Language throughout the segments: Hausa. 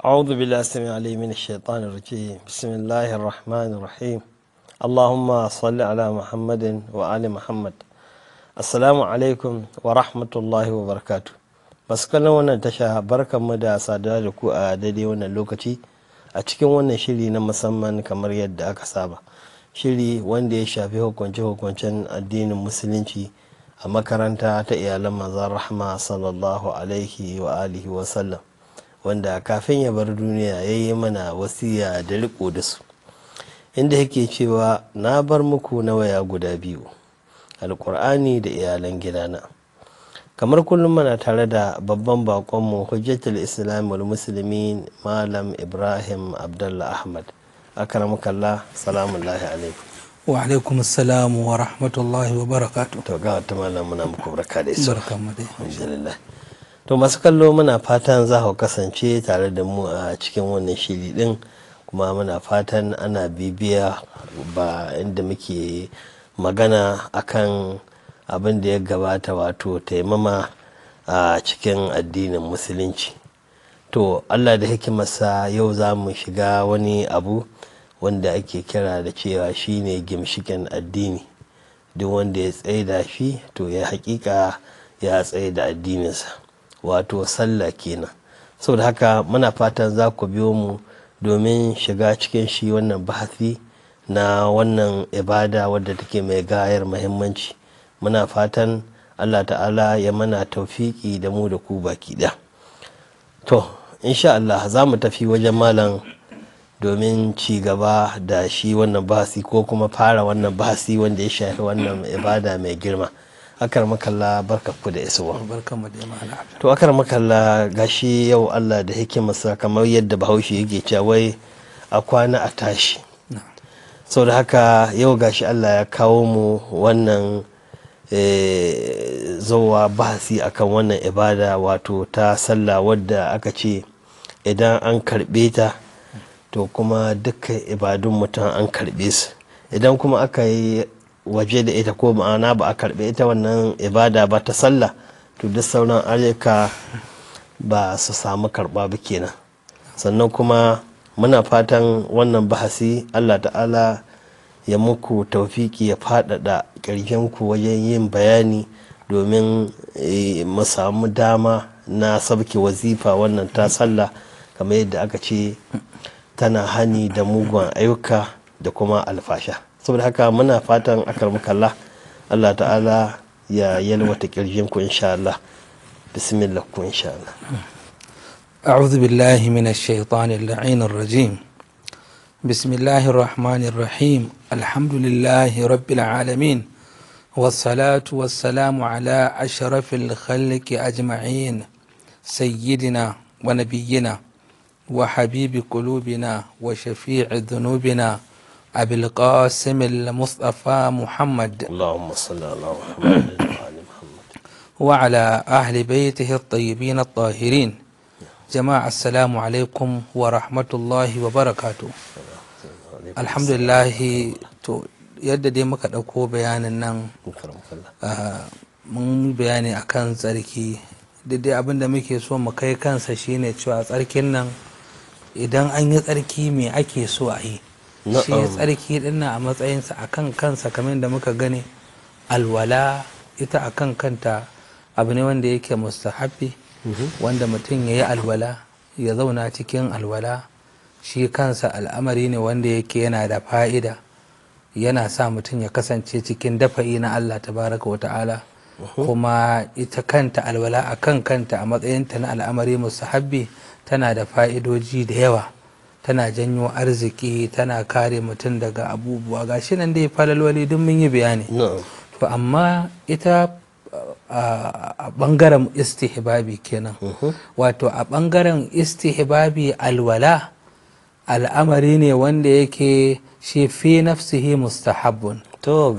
أعوذ بالله السميع العليم من الشيطان الرجيم بسم الله الرحمن الرحيم اللهم صل على محمد وآل محمد Assalamu alaikum wa rahmatullahi wa barakatu. Masu wanan wannan tasha barkanmu da saduwa da ku a daidai wannan lokaci a cikin wannan shiri na musamman kamar yadda aka saba. Shiri wanda ya shafi hukunce-hukuncen addinin musulunci a makaranta ta iyalan manzan rahma sallallahu alaihi wa alihi wa sallam. wanda kafin ya bar duniya ya yi mana wasiya da riko da su inda yake cewa na bar muku na waya guda biyu alkur'ani da iyalan gidana kamar kullum mana tare da babban bakonmu hujjatul islamul musulmin malam ibrahim abdullah ahmad akramakallah salamun lahi alaikum wa alaikum assalamu wa rahmatullahi wa barakatu to ga wata malam muna muku barka da isa barkamu mu dai alhamdulillah to masu kallo muna fatan za ku kasance tare da mu a cikin wannan shiri din kuma muna fatan ana bibiya ba inda muke magana akan abin da ya gabata wato taimama a cikin addinin musulunci to allah da hikimarsa yau za mu shiga wani abu wanda ake kira da cewa shine gimshikin addini duk wanda ya tsaye da shi to ya hakika ya tsaye da addininsa wato sallah kenan saboda haka muna fatan za ku biyo mu domin shiga cikin shi wannan bahasi na wannan ibada wadda take mai gayar muhimmanci muna fatan allah ta'ala ya mana taufiki da mu da ku baki ɗaya to insha allah za mu tafi wajen malam domin ci gaba da shi wannan bahasi ko kuma fara wannan bahasi wanda ya shafi wannan ibada mai girma. akar makalla barka ku da isuwa oh, to akar makalla gashi yau Allah da hikimarsa kamar yadda bahaushe yake cewa wai a kwana a tashi sau da haka yau gashi Allah ya kawo mu wannan eh, zowa bahasi akan wannan ibada wato ta sallah wadda aka ce idan an karbe ta to kuma dukkan ibadun mutum an karbe su idan kuma aka yi waje da ita ko ma'ana ba a karbe ita wannan ibada ba ta sallah to duk sauran ayyuka ba su samu karba ba kenan sannan kuma muna fatan wannan bahasi allah ta'ala ya muku taufiki ya faɗaɗa ku wajen yin bayani domin eh, mu samu dama na sabke wazifa wannan ta sallah kamar yadda aka ce tana hani da mugun ayyuka da kuma alfasha saboda haka muna fatan akar kalla allah ta'ala ya yalwata kirjin ku insha allah bismillah ku insha allah أعوذ بالله من الشيطان اللعين الرجيم بسم الله الرحمن الرحيم الحمد لله رب العالمين والصلاة والسلام على أشرف الخلق أجمعين سيدنا ونبينا وحبيب قلوبنا وشفيع ذنوبنا أبي القاسم المصطفى محمد ahli صل على محمد وعلى محمد وعلى أهل بيته الطيبين الطاهرين جماعة السلام عليكم ورحمة yadda dai muka ɗauko bayanin nan mun bayani akan tsarki daidai abin da muke so mu kai kansa shine cewa tsarkin nan idan an yi tsarki me ake so a yi shi ya tsarki dinna a matsayinsa a kan kansa kamar da muka gani alwala ita a kan kanta abu ne wanda yake mustahabi mhm. wanda mutum ya yi alwala ya zauna cikin alwala shi kansa al'amari ne wanda yake yana da fa'ida yana sa mutum ya kasance cikin dafa'i na allah tabaraka wa ta'ala mhm. kuma ita kanta alwala a kan kanta a matsayinta na al'amari mustahabi tana da fa'idoji da yawa tana janyo arziki tana kare mutum daga abubuwa gashi nan dai falalwali duk mun yi bayani to amma ita a bangaren istihbabi kenan mm-hmm. wato a bangaren istihbabi alwala al'amari ne wanda yake shi fi nafsihi mustahabbun to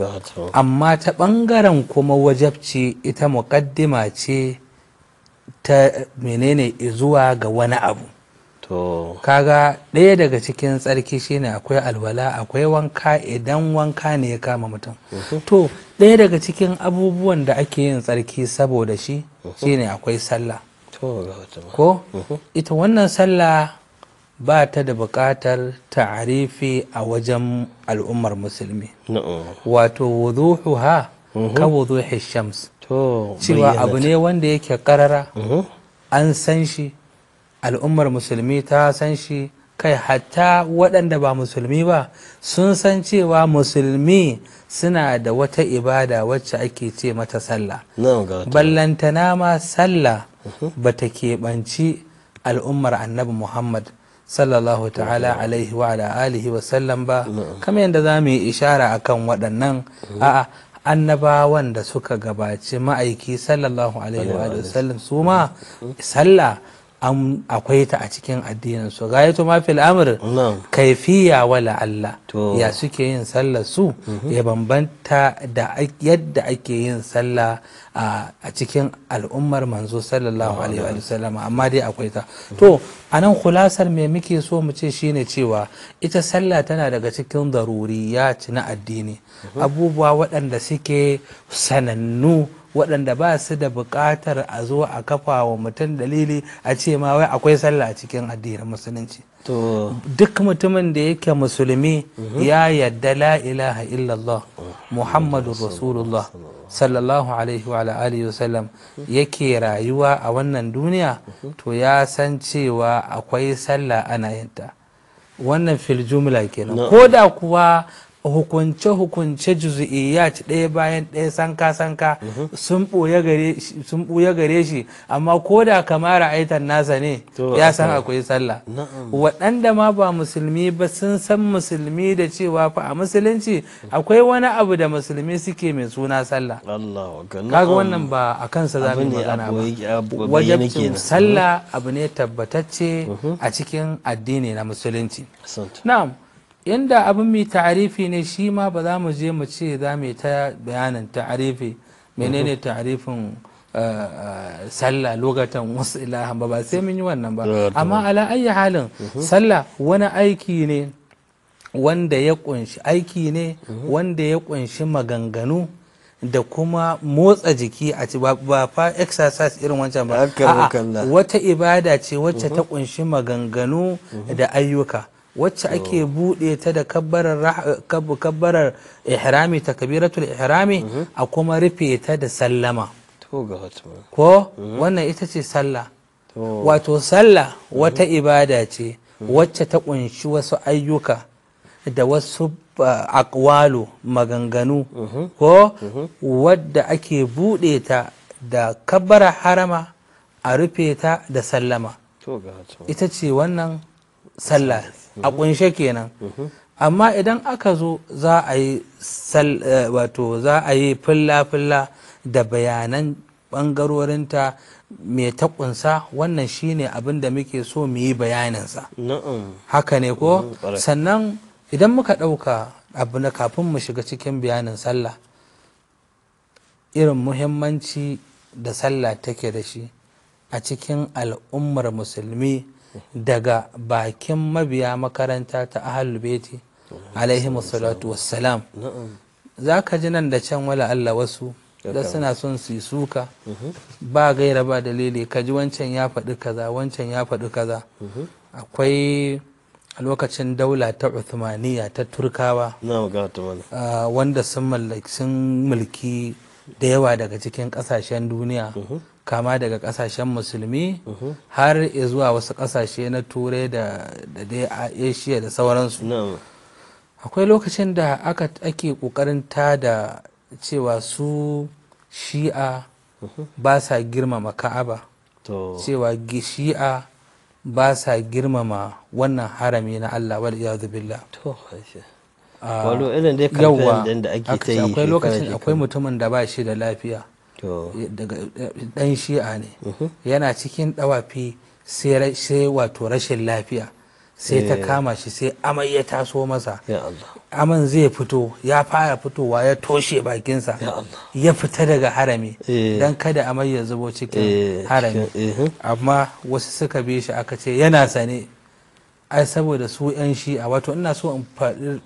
amma ta bangaren kuma wajabci ita muƙaddima ce ta menene zuwa ga wani abu kaga ɗaya daga cikin tsarki shine akwai alwala akwai wanka idan wanka ne ya kama mutum mhm. to ɗaya daga cikin abubuwan da ake yin tsarki saboda shi mhm. shine akwai sallah ko mhm. ita wannan sallah ba ta da buƙatar ta'arifi a wajen al'ummar musulmi wato ha ka wuduhi shams cewa abu ne wanda yake karara an san shi al'ummar musulmi ta san shi kai hatta waɗanda ba musulmi ba sun san cewa musulmi suna da wata ibada wacce ake ce mata sallah ballantana ma sallah uh-huh. ba ta keɓanci al'ummar annabi muhammad sallallahu ta'ala alaihi wa alihi wa sallam ba kama yadda za mu yi ishara a kan waɗannan uh-huh. a'a annabawan da suka gabaci ma'aiki sallallahu alaihi wa sallam su ma uh-huh. sallah an akwai ta a cikin addinin su yato ma fil amr kaifiya wala Allah ya suke yin sallar su mhm. ya bambanta da yadda ake yin sallah a cikin al'ummar manzo sallallahu alaihi wa sallam amma dai akwai ta to anan kulasar me muke so mu ce shine cewa ita sallah tana daga cikin daruriyat na addini mhm. abubuwa waɗanda suke sanannu waɗanda ba su da buƙatar a zo a kafa wa mutum dalili a ce ma wai akwai sallah a cikin addinin musulunci duk mutumin da yake musulmi mhm. ya yadda la ilaha illallah muhammadun rasulullah sallallahu alaihi wa alihi wasallam mhm. yake rayuwa a wannan duniya mhm. to ya san cewa akwai sallah ana yinta wannan fil jumla kenan ko da kuwa hukunce-hukunce ci ɗaya bayan ɗaya sanka-sanka sun ɓuya gare shi amma ko da kamar aitan nasa ne ya san akwai sallah waɗanda ma ba musulmi ba sun san musulmi da cewa fa a musulunci akwai wani abu da musulmi suke mai suna sallah kaga wannan ba a kansa za mu magana ba wajabcin mhm. sallah abu ne tabbatacce mhm. a cikin addini na musulunci na'am inda abin mai ta'arifi ne shi ma ba za mu je mu ce za mu ta bayanin ta'arifi menene ta'arifin eh, eh, sallah lokacin wasu ilahan ba ba sai mun yi wannan ba amma ala ayi halin mhm. sallah wani aiki ne wanda ya kunshi aiki ne mhm. wanda ya kunshi maganganu da kuma motsa jiki a ci ba fa exercise irin wancan ba wata ibada ce wacce ta kunshi mhm. maganganu da ayyuka wacce ake buɗe ta da kabbarar ihrami ta kabiratul ihrami mhm. a kuma rufe ta da sallama ko mhm. wannan ita ce sallah wato sallah mhm. wata ibada ce wacce ta kunshi wasu ayyuka da wasu uh, akwalo maganganu ko wadda ake buɗe ta da kabbarar harama a rufe ta da sallama ita ce wannan sallah a kunshe kenan amma idan aka zo za a yi eh, wato za a yi fulla-fulla da bayanan bangarorinta mai ta kunsa wannan shine abin da muke so mu yi bayaninsa haka ne ko mm, sannan idan muka ɗauka abu na kafin mu shiga cikin bayanin sallah irin muhimmanci da sallah take da shi a cikin al'ummar musulmi daga bakin mabiya makaranta ta ahalul beti alaihi salatu wassalam za ka ji nan da can wala Allah wasu da suna son su yi suka mhm. ba gaira ba dalili ka ji wancan ya faɗi kaza wancan ya faɗi kaza mhm. akwai lokacin daula ta Uthmaniya ta turkawa wanda sun mulki da yawa daga cikin ƙasashen duniya mhm. kama daga kasashen musulmi mhm. har zuwa wasu kasashe na turai da dai asia da sauransu akwai lokacin da aka ake kokarin ta da cewa su shi'a mhm. ba sa girmama ka'aba cewa shi'a ba sa girmama wannan harami na allah wal iyadu billah ah, yawa akwai lokacin akwai mutumin da ba shi da lafiya Eh, daga dan eh, shi'a ne mhm. yana cikin dawafi sai wato rashin lafiya sai ta eh. kama shi sai amai ya taso masa aman zai fito ya fara fitowa ya toshe bakinsa ya fita daga harami don kada amai ya zubo cikin harami amma wasu suka bi shi aka ce yana sane ai saboda su 'yan shi'a wato ina so in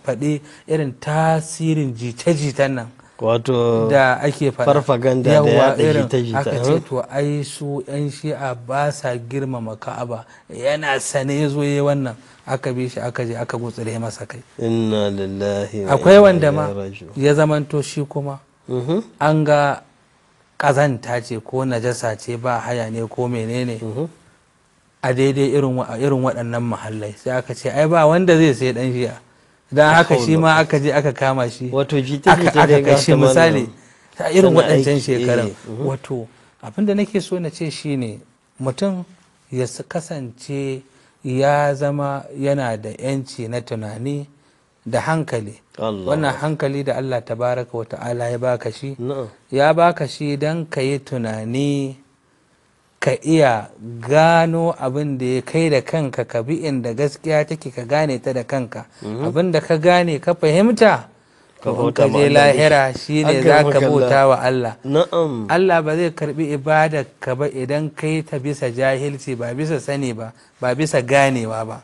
faɗi irin tasirin jita-jitan nan wato da ake farfaganda da ya irin aka ce to ai su yan shi'a ba sa girmama ka'aba yana sane ya zo yi wannan aka bi shi aka je aka gutsire masa kai inna lillahi akwai wanda ma ya zamanto shi kuma mm-hmm. an ga kazanta ce ko najasa ce ba haya ne ko menene mm-hmm. a daidai irin waɗannan mahallai sai aka ce ai ba wanda zai sai ɗan shi'a dan haka shi ma aka je aka kama shi wato aka kashi misali ta irin waɗancan shekarun eh, mhm. wato abinda nake so na ce shine mutum ya kasance ya zama yana da yanci na tunani da hankali wannan hankali da allah tabaraka wa ta'ala ya baka shi ya baka shi dan ka tunani ka iya gano abin da ya kai da kanka ka bi inda gaskiya take ka gane ta da kanka mhm. abin da ka gane ka fahimta ka je lahira shine za ka bauta wa Allah Allah ba zai karbi ibada ka ba idan kai ta bisa jahilci ba bisa sani ba ba bisa ganewa ba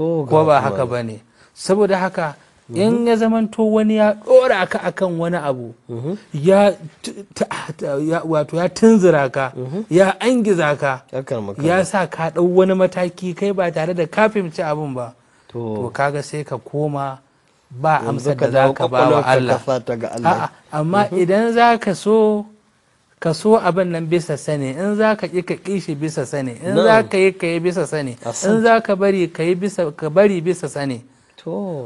ko ba haka ba ne saboda haka in mhm. ya zamanto wani ya dora ka akan wani abu mhm. ya wato ya tunzura ka mhm. ya angiza ka ya sa ka dau wani mataki kai ba tare da ka fahimci abin ba to kaga sai ka koma ba amsar da za ka ba wa Allah amma idan za ka so ka so abin nan bisa sani in za ka ƙi ka ƙi bisa sani in za ka yi ka yi bisa sani in za ka bari ka bari bisa sani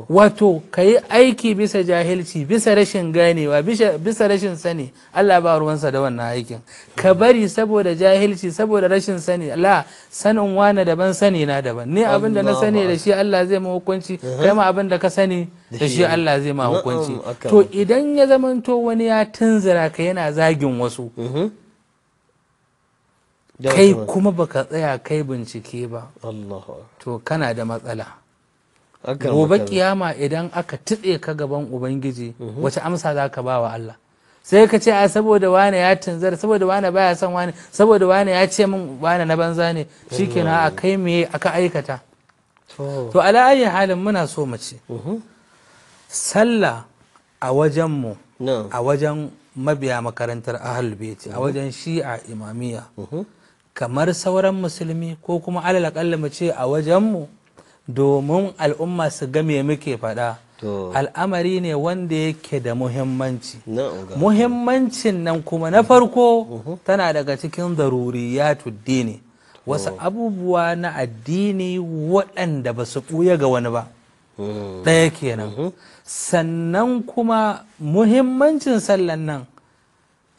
wato ka yi aiki bisa jahilci bisa rashin ganewa bisa rashin sani allah ba ruwansa da wannan aikin ka bari saboda jahilci saboda rashin sani la sanin wane daban sani na daban ni abin da na sani da shi allah zai ma hukunci uh-huh. kai ma abin da ka sani da shi allah zai ma hukunci to idan ya zamanto wani ya tunzura ka yana zagin wasu uh-huh. kai kuma baka tsaya kai bincike ba to kana da matsala gobe kiyama idan aka tutse ka gaban ubangiji mhm. wace amsa za ka ba wa Allah sai ka ce a saboda wane ya tunzar saboda wane baya son wane saboda wane ya ce min wane na banza ne mhm. shikenan a kai me aka aikata to ala ayi halin muna so mu ce mhm. sallah a wajen mu a wajen mabiya makarantar ahlul baiti a wajen shi'a imamiya kamar sauran musulmi ko kuma alal akalla mu ce a wajen mu domin al'umma su ga me muke faɗa al'amari ne wanda yake da muhimmanci muhimmancin nan kuma na farko tana daga cikin zaruriyatu dini wasu abubuwa na addini waɗanda ba su ɓuya ga wani ba mm. ɗaya kenan sannan kuma muhimmancin sallan nan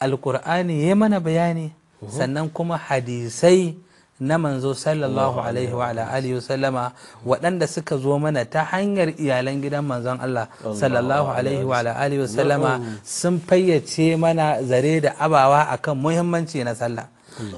alkur'ani ya mana bayani sannan kuma hadisai na manzo sallallahu alaihi wa alihi sallama waɗanda suka zo mana ta hanyar iyalan gidan manzon Allah sallallahu alaihi wa alihi sallama sun fayyace mana zare da abawa akan muhimmanci na sallah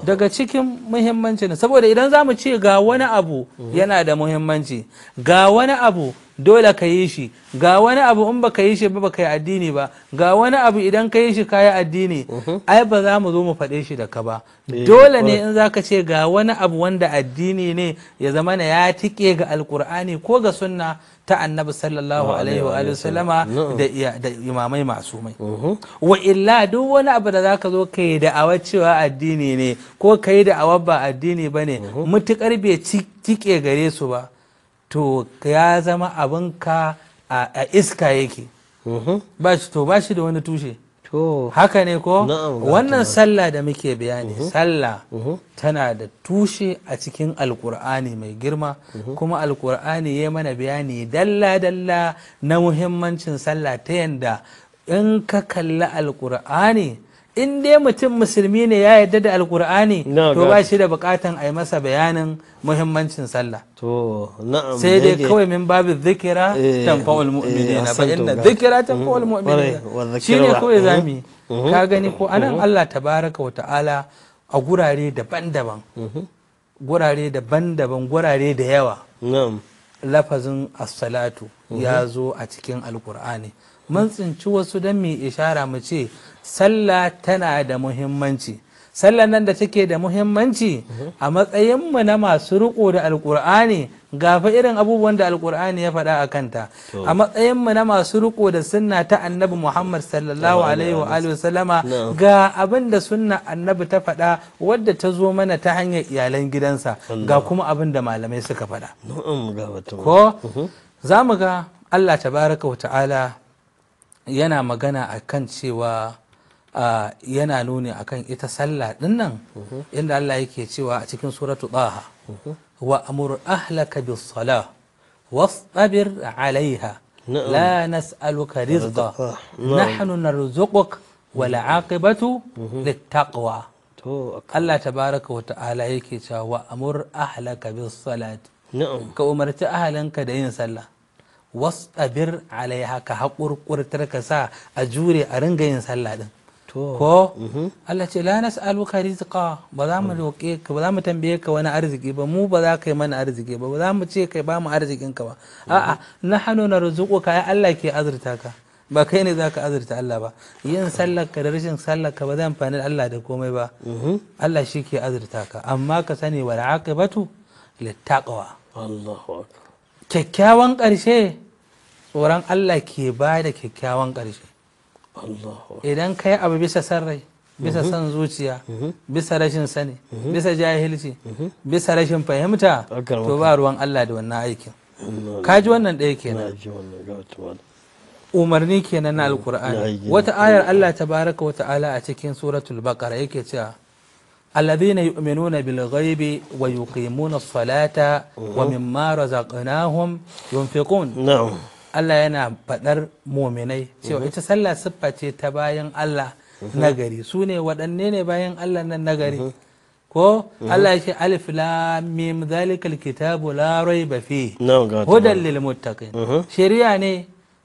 daga cikin muhimmanci saboda idan zamu ce ga wani abu mhm. yana da muhimmanci ga wani abu dole ka yi shi ga wani abu in baka yi shi ba baka yi addini ba ga wani abu idan ka yi shi kayi addini mhm. ai ba za mu zo mu faɗe shi da ka ba eh, dole ne in zaka ce ga wani abu wanda addini ne ya zama na ya tike ga alkur'ani ko ga sunna ta annabi sallallahu alaihi wa sallama da imamai masu mai. Mhm. wa illa duk wani abu da zaka zo ka yi da'awar cewa addini ne ko ka yi da'awar ba addini ba ne mhm. mutukar bai tike gare su ba to ya zama abin ka a iska yake mhm. to ba shi da wani tushe haka ne ko wannan sallah da muke bayani mhm. sallah mhm. tana da tushe a cikin alkur'ani mai girma kuma alkur'ani ya mana bayani dalla-dalla na muhimmancin sallah ta yanda in ka kalla alkur'ani in dai mutum musulmi ne ya yarda da alkur'ani to ba shi da bukatan a yi masa bayanin muhimmancin sallah to na'am sai dai kawai min babu zikira eh, tanfa'ul eh, mu'minina fa inna zikira tanfa'ul mm-hmm. mu'minina ne kawai zami mm-hmm. mm-hmm. ka gani ko anan Allah tabaraka wa ta'ala a gurare daban-daban gurare daban-daban gurare da yawa lafazin as-salatu ya zo a cikin alkur'ani mun tsinci wasu dan mai ishara mu ce sallah tana da muhimmanci sallah nan da take da muhimmanci a matsayinmu na masu riko da alkur'ani gafa irin abubuwan da alkur'ani ya faɗa a kanta a matsayinmu na masu riko da sunna ta annabi muhammad sallallahu alaihi wa sallama ga abin da sunna annabi ta faɗa wadda ta zo mana ta hanyar iyalan gidansa ga kuma abin da malamai suka faɗa ko mhm. za mu ga allah tabaraka wa ta'ala yana magana a kan cewa yana nuni akan ita sallah din nan mhm. inda Allah yake cewa a cikin suratu Taha mhm. wa amur ahlaka bis salah wastabir alaiha la nas'aluka rizqa nahnu narzuquk wal mhm. aqibatu littaqwa Allah tabaraka wa ta'ala yake cewa wa amur ahlaka bis salat ka umarci ahalinka da yin sallah wastabir alaiha ka haƙurƙurtar ka sa a jure a ringa yin sallah din ko mhm. Allah ce la nas'aluka rizqa ba za mu mm. roke ka ba za mu tambaye ka wani arziki ba mu ba za ka yi mana arziki ba ba za mu ce kai ba mu arzikin ka ba mm-hmm. a'a nahnu narzuquka ya Allah ke azurta ka ba kai ne za ka azurta Allah ba yin ka da rashin sallaka ba zai amfani Allah da komai ba mm-hmm. Allah shi ke azurta ka amma ka sani wal aqibatu littaqwa kyakkyawan karshe tsoron Allah ke ba da kyakkyawan karshe. idan kai abu bisa sarrai bisa mhm. son zuciya mhm. bisa rashin sani mhm. bisa jahilci bisa rashin fahimta to ba ruwan Allah da wannan aikin ka ji wannan ɗaya kenan umarni kenan na alkur'ani wata ayar Allah baraka wata ala a cikin suratul baqara yake cewa الذين يؤمنون بالغيب ويقيمون الصلاة ومما رزقناهم ينفقون نعم Allah yana faɗar mominai cewa mhm. ita sallah siffa ce ta bayan Allah mhm. nagari su ne waɗanne ne bayan Allah nan nagari mhm. ko Allah yake alif lam mim zalikal kitabu la raiba fi hudan lil muttaqin shari'a ne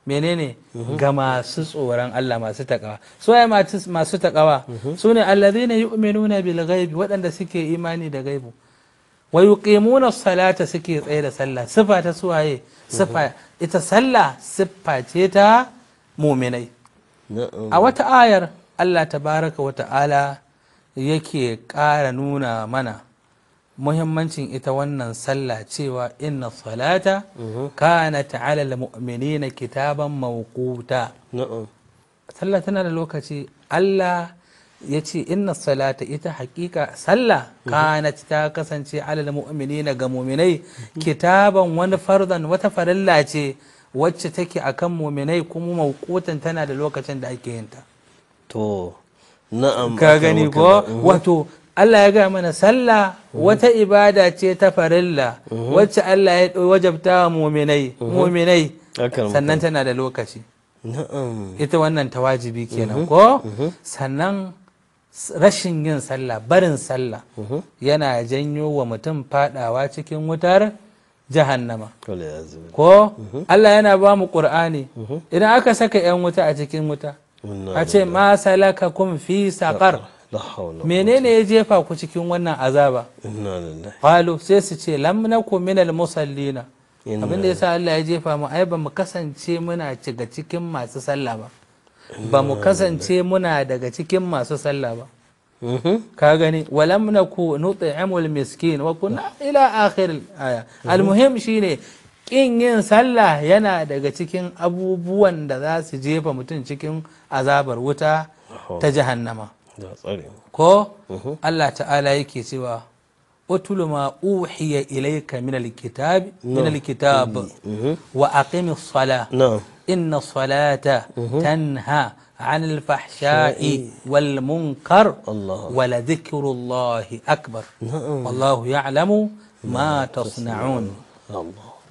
menene ga masu tsoron Allah masu takawa so ai masu takawa su ne allazina yu'minuna bil ghaibi waɗanda suke imani da gaibu wa yuqimuna salata suke tsaye da sallah sifa ta suwaye sifa ita sallah sifface ta muminai a wata ayar allah tabaraka wa ta'ala yake ƙara nuna mana muhimmancin ita wannan sallah cewa inna salata mm-hmm. kana ta'ala mu'minina kitaban mawquta sallah tana da lokaci allah ya ce inna salata ita hakika sallah mhm. kanat ta kasance alal mu'minina ga muminai kitaban wani farzan wata farilla ce wacce take akan muminai kuma mawqutan tana da lokacin da ake yin ta to na'am ka gani ko mhm. wato Allah ya gaya mana sallah mhm. wata ibada ce ta farilla wacce Allah ya wajabta wa muminai muminai sannan tana da lokaci ita wannan tawajibi kenan ko sannan rashin yin sallah barin sallah mhm. yana janyo wa mutum fadawa cikin wutar jahannama ko mhm. Allah yana ba mu qur'ani mhm. idan aka saka yan wuta a cikin wuta a ce ma salaka kum fi saqar menene ya jefa ku cikin wannan azaba qalu sai su ce lam min minal musallina abinda yasa Allah ya jefa mu ai ba mu kasance muna shiga cikin masu sallah ba ba mu kasance muna daga cikin masu sallah ba mm-hmm. ka gani walam na ku amul miskin wa kuna ila akhir aya mm-hmm. almuhim shine kin yin sallah yana daga cikin abubuwan da za su jefa mutum cikin azabar wuta ta jahannama ko mm-hmm. Allah ta'ala yake cewa utulu ma uhiya ilayka min alkitab min alkitab wa aqimis salah inna salata tanha عن الفحشاء والمنكر ولذكر الله أكبر والله يعلم ما تصنعون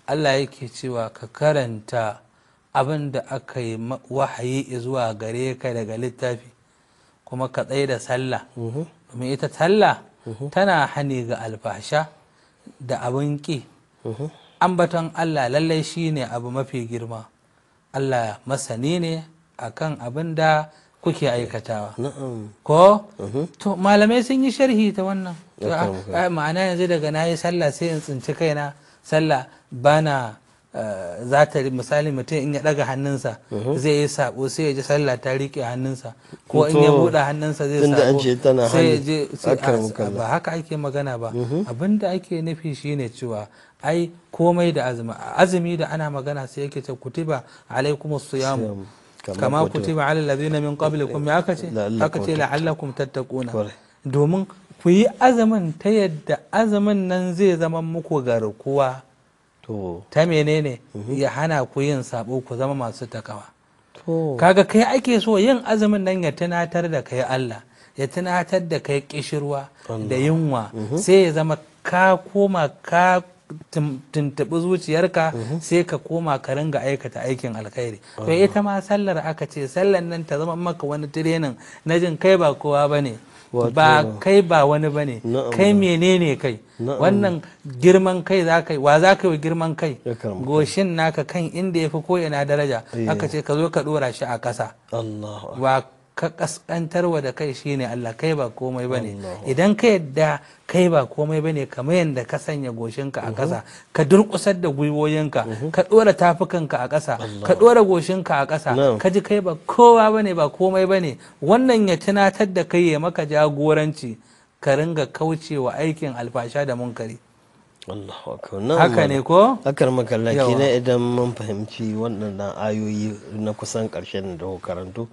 Allah yake cewa ka karanta abin da aka yi wahayi zuwa gare ka daga littafi kuma ka sallah domin ita sallah tana hani ga alfasha da abin ƙi ambaton Allah lallai shine abu mafi girma Allah masani ne akan abin da kuke aikatawa ko mhm. to malamai sun yi sharhi ta wannan ma'ana yanzu daga na yi sallah sai in tsinci kaina sallah bana za ta misali mutum in ya daga hannunsa mhm. zai yi sabo sai ya ji sallah ta rike hannunsa ko in ya buɗe hannunsa zai sabo sai ya je ba haka ake magana ba mhm. abinda ake nufi shine cewa ai komai da azumi azumi da ana magana sai yake ce kutiba alaikum siyamu kama kutiba alal ladina min qablikum ya aka ce aka ce la'allakum tattaquna domin ku yi azumin ta yadda azumin nan zai zama muku garkuwa ta menene mhm. ya hana ku yin sabo ku zama masu takawa kaga kai ake so yin azumin nan ya tunatar da kai Allah ya tunatar da kai kishirwa da yunwa mhm. sai ya zama ka koma ka tuntuɓi zuciyarka mhm. sai ka koma ka ringa aikata aikin alkhairi to ita ma sallar aka ce sallar nan ta zama maka wani tirenin na jin kai ba kowa ba ne ba kai ba wani bane kai menene kai wannan girman kai za ka wa za ka girman kai goshin naka kan inda ya fi ko ina daraja eh. aka ce ka zo ka dora shi a ƙasa ka kaskantarwa da kai shine Allah kai ba komai bane idan ka yadda kai ba komai bane kamar yadda ka sanya goshinka a ƙasa ka durƙusar da gwiwoyinka ka ɗora tafukanka a ƙasa ka ɗora goshinka a ƙasa ka ji kai ba kowa bane ba komai bane wannan ya tunatar da kai ya maka jagoranci ka ringa kaucewa aikin alfasha da munkari haka ne ko? hakar makallaki ne idan mun fahimci wannan ayoyi na kusan ƙarshen da karanto.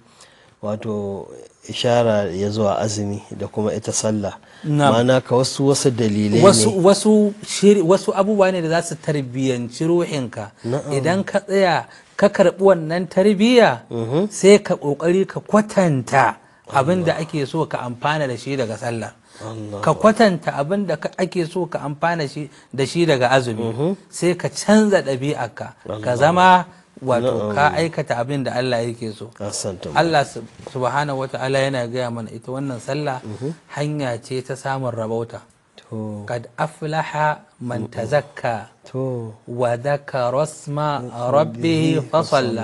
wato ishara ya zuwa azumi da kuma ita sallah ma'ana ka wasu wasu dalilai ne wasu abubuwa ne da za su tarbiyyanci ruhinka idan ka tsaya ka karɓi wannan tarbiyya mm-hmm. sai ka ƙoƙari ka kwatanta abin da ake so ka amfana da shi daga sallah ka kwatanta abin da ake so ka amfana da shi daga azumi mm-hmm. sai ka canza ɗabi'arka ka zama wato ka aikata abin da Allah yake so Allah subhanahu ta'ala yana gaya mana ita wannan sallah mhm. hanya ce ta samun rabauta kad aflaha man tazakka wa dhakara asma rabbih fa salla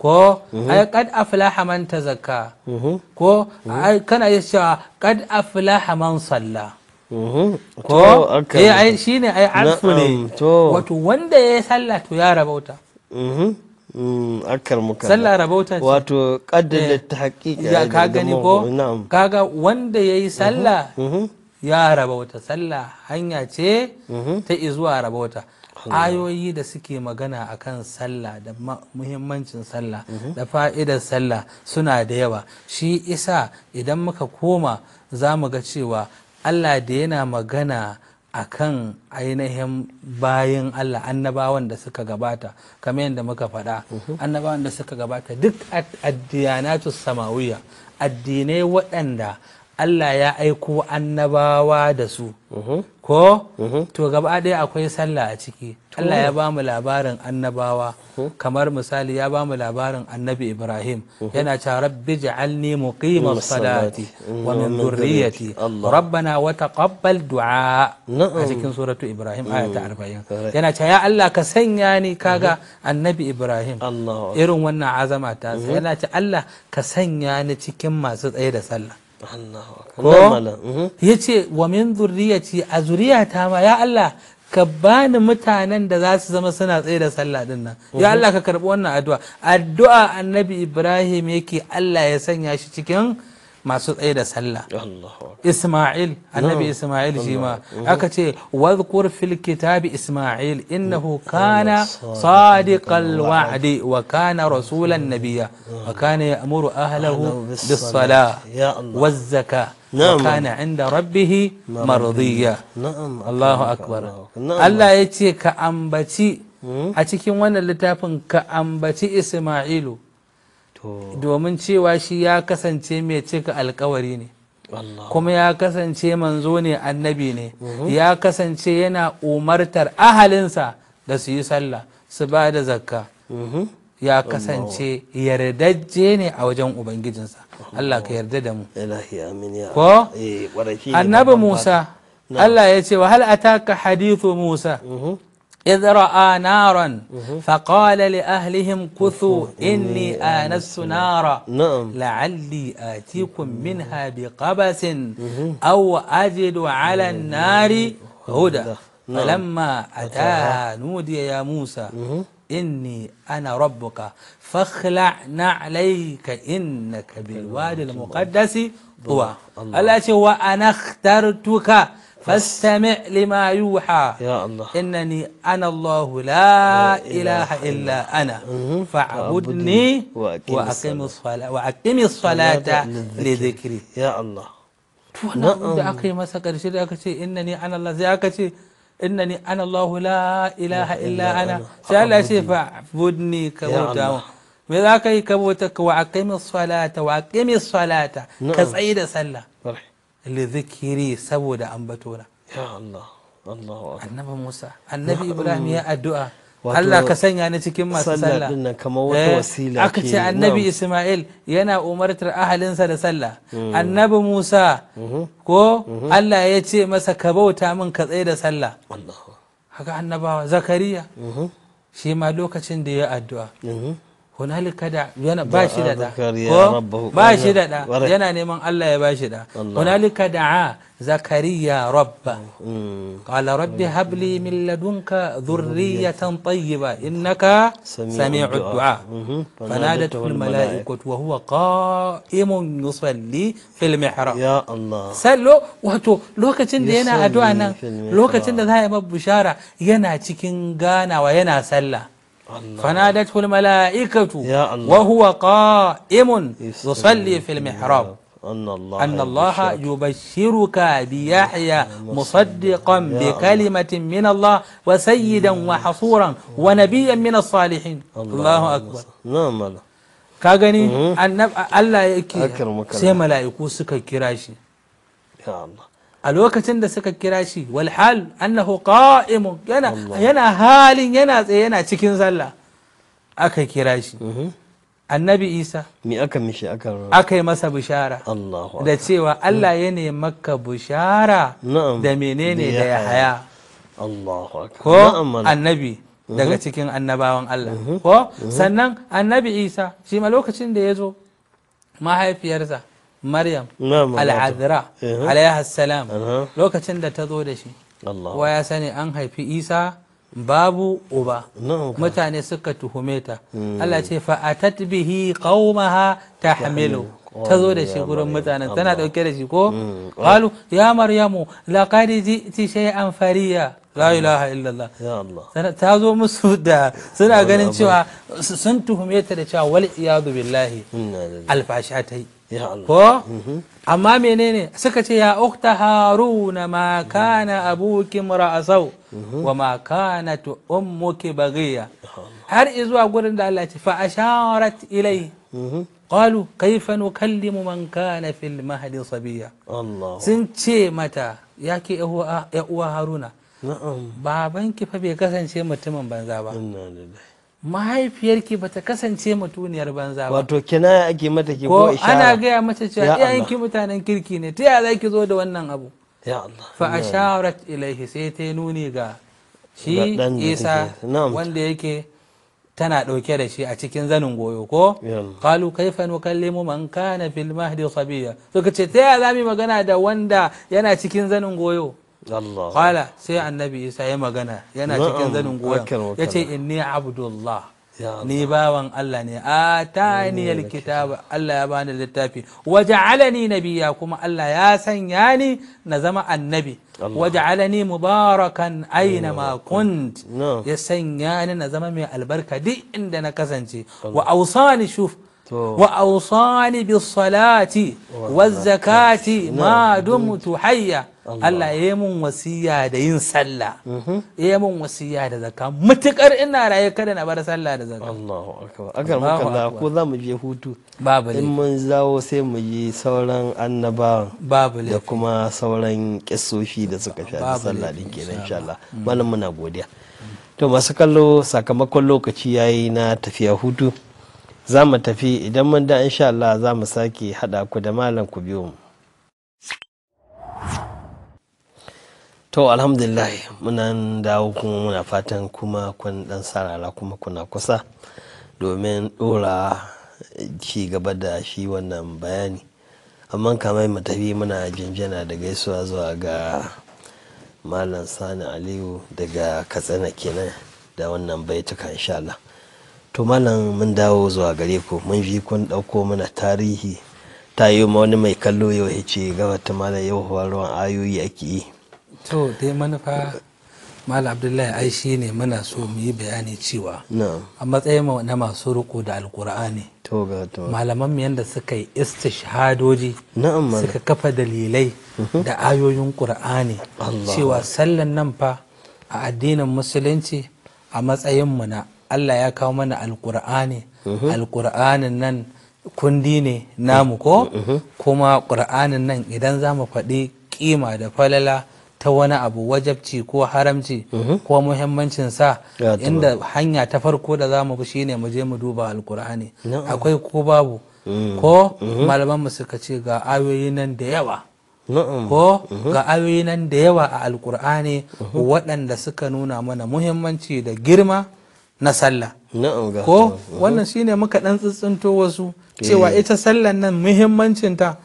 ko mhm. ai kad aflaha man tazakka mhm. ko ai kana iya kad aflaha man salla ko eh ai shine ai arfu ne wato wanda ya salla to ya rabauta Mhm. Mm, akar muka sallah rabauta ce wato kaddada eh. ta hakika ka gani ko kaga wanda ya yi sallah mhm, mhm. ya rabauta sallah hanya ce ta izuwa rabauta ayoyi da suke magana a kan sallah da muhimmancin sallah da fa'idar sallah suna da yawa shi isa idan muka koma za mu ga cewa allah da yana magana akan ainihin bayan Allah annabawan da suka gabata kamar yadda muka faɗa mhm. annabawan da suka gabata duk addiyanatu samawiya addinai waɗanda Allah ya aiko annabawa da su mm-hmm. ko mm-hmm. to gaba ɗaya akwai sallah a ciki Allah ya ba mu labarin annabawa mm-hmm. kamar misali ya ba mu labarin annabi Ibrahim yana cewa rabbi ja'alni muqimas salati wa min dhurriyyati rabbana wa taqabbal du'a a cikin suratu Ibrahim aya ta 40 yana cewa ya Allah ka sanya ni kaga annabi Ibrahim irin wannan azama ta yana cewa Allah ka sanya ni cikin masu tsaye da sallah ko mhm. ya ce wa min zurriyati a zuriyata ma ya Allah ka bani mutanen da za su zama suna tsaye da sallah din nan ya mhm. Allah ka karbi wannan addu'a addu'a annabi Ibrahim yake Allah ya sanya shi cikin masu tsaye da sallah Ismail annabi Ismail shi ma aka ce wadhkur fil kitabi Ismail innahu kana sadiqal wa'di wa kana rasulan nabiyya wa kana ya'muru ahlahu bis salah wa waz zakah وكان عند ربه مرضيا الله أكبر الله يتي كأنبتي أتكي وانا لتافن كأنبتي إسماعيل domin cewa shi ya kasance mai cika alkawari ne kuma ya kasance manzo ne annabi ne mhm. ya kasance yana umartar ahalinsa da su yi sallah su ba da zakka mhm. ya kasance yardajje ne a wajen ubangijinsa Allah ka yarda da mu ko eh, annabi Musa Allah ya ce wa hal ataka hadithu Musa mhm. إذ رأى نارا فقال لأهلهم كثوا إني آنست نارا نعم لعلي آتيكم منها بقبس أو أجد على النار هدى نعم. فلما أتاها نودي يا موسى إني أنا ربك فاخلع نعليك إنك بالوادي المقدس طوى الله هو أنا اخترتك فاستمع لما يوحى يا الله انني انا الله لا اله الا انا فاعبدني واقم الصلاه واقم الصلاه لذكري يا الله وانا اقري نعم. شيء انني انا الله شيء انني انا الله لا اله الا انا سال فاعبدني كبوتا ملاكي كبوتك واقم الصلاه واقم الصلاه نعم. كسيد سله Lizikiri saboda ambatona ya annabi Musa annabi Ibrahim ya addu'a Allah ka sanya ni cikin masu sallah kamar wata wasila aka ce annabi Ismail yana umartar ahalinsa da sallah annabi Musa ko Allah ya ce masa ka bauta min ka tsaye da sallah haka annabawa Zakariya shi ma lokacin da ya addu'a hunalika da yana ba shi da ko ba shi da da yana neman Allah ya ba shi da hunalika da'a zakariya rabba mm. qala rabbi habli min ladunka dhurriyatan tayyiba innaka sami'u du'a mm-hmm. fanadat al mala'ikatu wa huwa qa'imun yusalli fil mihrab ya Allah sallo wato lokacin da yana addu'a nan lokacin da za a yi bishara yana cikin ganawa yana sallah فنادته الملائكة وهو قائم يصلي في المحراب أن الله, أن الله يبشرك بيحيى مصدقا بكلمة من الله وسيدا وحصورا ونبيا من الصالحين الله أكبر نعم ka gani Allah yake sai mala'iku suka kira shi ya Allah a lokacin da suka kira shi walhal annahu qa'imun yana yana halin yana tsaye yana cikin sallah aka kira shi mhm. annabi isa me aka mishi aka aka yi masa bishara da cewa hmm. Allah ya ne maka bishara da menene da ya haya ko annabi mhm. daga cikin annabawan Allah mhm. ko sannan annabi isa shi ma lokacin da ya zo mahaifiyarsa maryam al'adira alayha salam lokacin da ta zo da shi wa ya sani an haifi isa babu uba mutane suka tuhume ta hmm. Allah ce fa'atat bihi qaumaha tahmilu ta zo da shi gurin mutanen tana dauke da shi ko hmm, qalu ya maryamu laqad ji'ti shay'an fariya la hmm. ilaha illallah ta zo musu da suna ganin cewa sun tuhume ta da cewa wal iyadu billahi alfasha ta yi ko mm-hmm. amma menene suka ce ya ukta haruna ma mm-hmm. kana abuki ra'asau mm-hmm. wa ma kana ummuki baghiya har izuwa gurin da Allah ce fa asharat ilai qalu kaifa nukallimu man kana fil mahdi sabiya sun ce mata yake ya uwa haruna babanki fa bai kasance mutumin banza ba mahaifiyarki bata kasance mutuniyar banza ba wato kinaya ake mata ke ko ana gaya mata cewa ki mutanen kirki ne ta yaya zaki zo da wannan abu ya Allah fa asharat ilaihi sai ta nuni ga shi Isa wanda yake tana dauke da shi a cikin zanin goyo ko qalu kaifa nukallimu man kana fil mahdi sabiya suka kace ta yaya zamu magana da wanda yana cikin zanin goyo Kwala sai annabi isa ya magana yana cikin zanin goyon ya ce inni abdullah ni bawan Allah ne a ta ni alkitaba Allah ya bani littafi waja'alani nabiya kuma Allah ya sanya ni na zama annabi waja'alani mubarakan aina ma kunt ya sanya ni na zama mai albarka duk inda na kasance wa ausani shuf wa awsani bis salati waz zakati ma dumtu hayya Allah ya yi mun wasiya da yin sallah mhm. ya yi mun wasiya da zakka mutukar ina raye kada na bar sallah da zakka Allahu akbar akar makalla ko za mu je hutu babu in mun zawo sai mu yi sauran annabawan babu da kuma sauran kissoshi da suka shafi sallah din kenan insha Allah mm. malam muna godiya to masu kallo sakamakon lokaci yayi na tafiya hutu za mu tafi idan mun da insha Allah za mu sake haɗa ku da malam ku biyo mu to alhamdulillah muna dawo kuma muna fatan kuma kun dan sarara kuma kuna kusa domin ɗora ci gaba da shi wannan bayani amma kamar mu tafi muna jinjina da gaisuwa zuwa ga malam sani aliyu daga katsina kenan da wannan baituka insha Allah to malam mun dawo zuwa gare ku mun fi kun ɗauko mana tarihi ta yi ma wani mai kallo yau ya ce gaba ta malam yau ruwan ayoyi ake yi to dai manufa malam abdullahi ai shi ne muna so mu yi bayani cewa a matsayin na masu riko da alkur'ani malaman mu yadda suka yi istishhadoji suka kafa dalilai mhm. da ayoyin qur'ani cewa sallan nan fa a addinin musulunci a matsayin mu na Allah ya kawo mana alkur'ani mhm. alkur'anin nan kundi ne namu ko mhm. Mhm. kuma ƙur'anin nan idan za mu faɗi kima da falala ta wani abu wajabci ko haramci ko muhimmancin sa inda hanya ta farko da za mu bi shine mu je mu duba alkur'ani akwai ko babu mm. ko malaman mu suka ce ga ayoyi nan da yawa ko ga ayoyi nan da yawa a alkur'ani waɗanda suka nuna mana muhimmanci da girma na sallah ko wannan shine muka dan tsitsinto wasu eh. cewa ita sallan nan muhimmancinta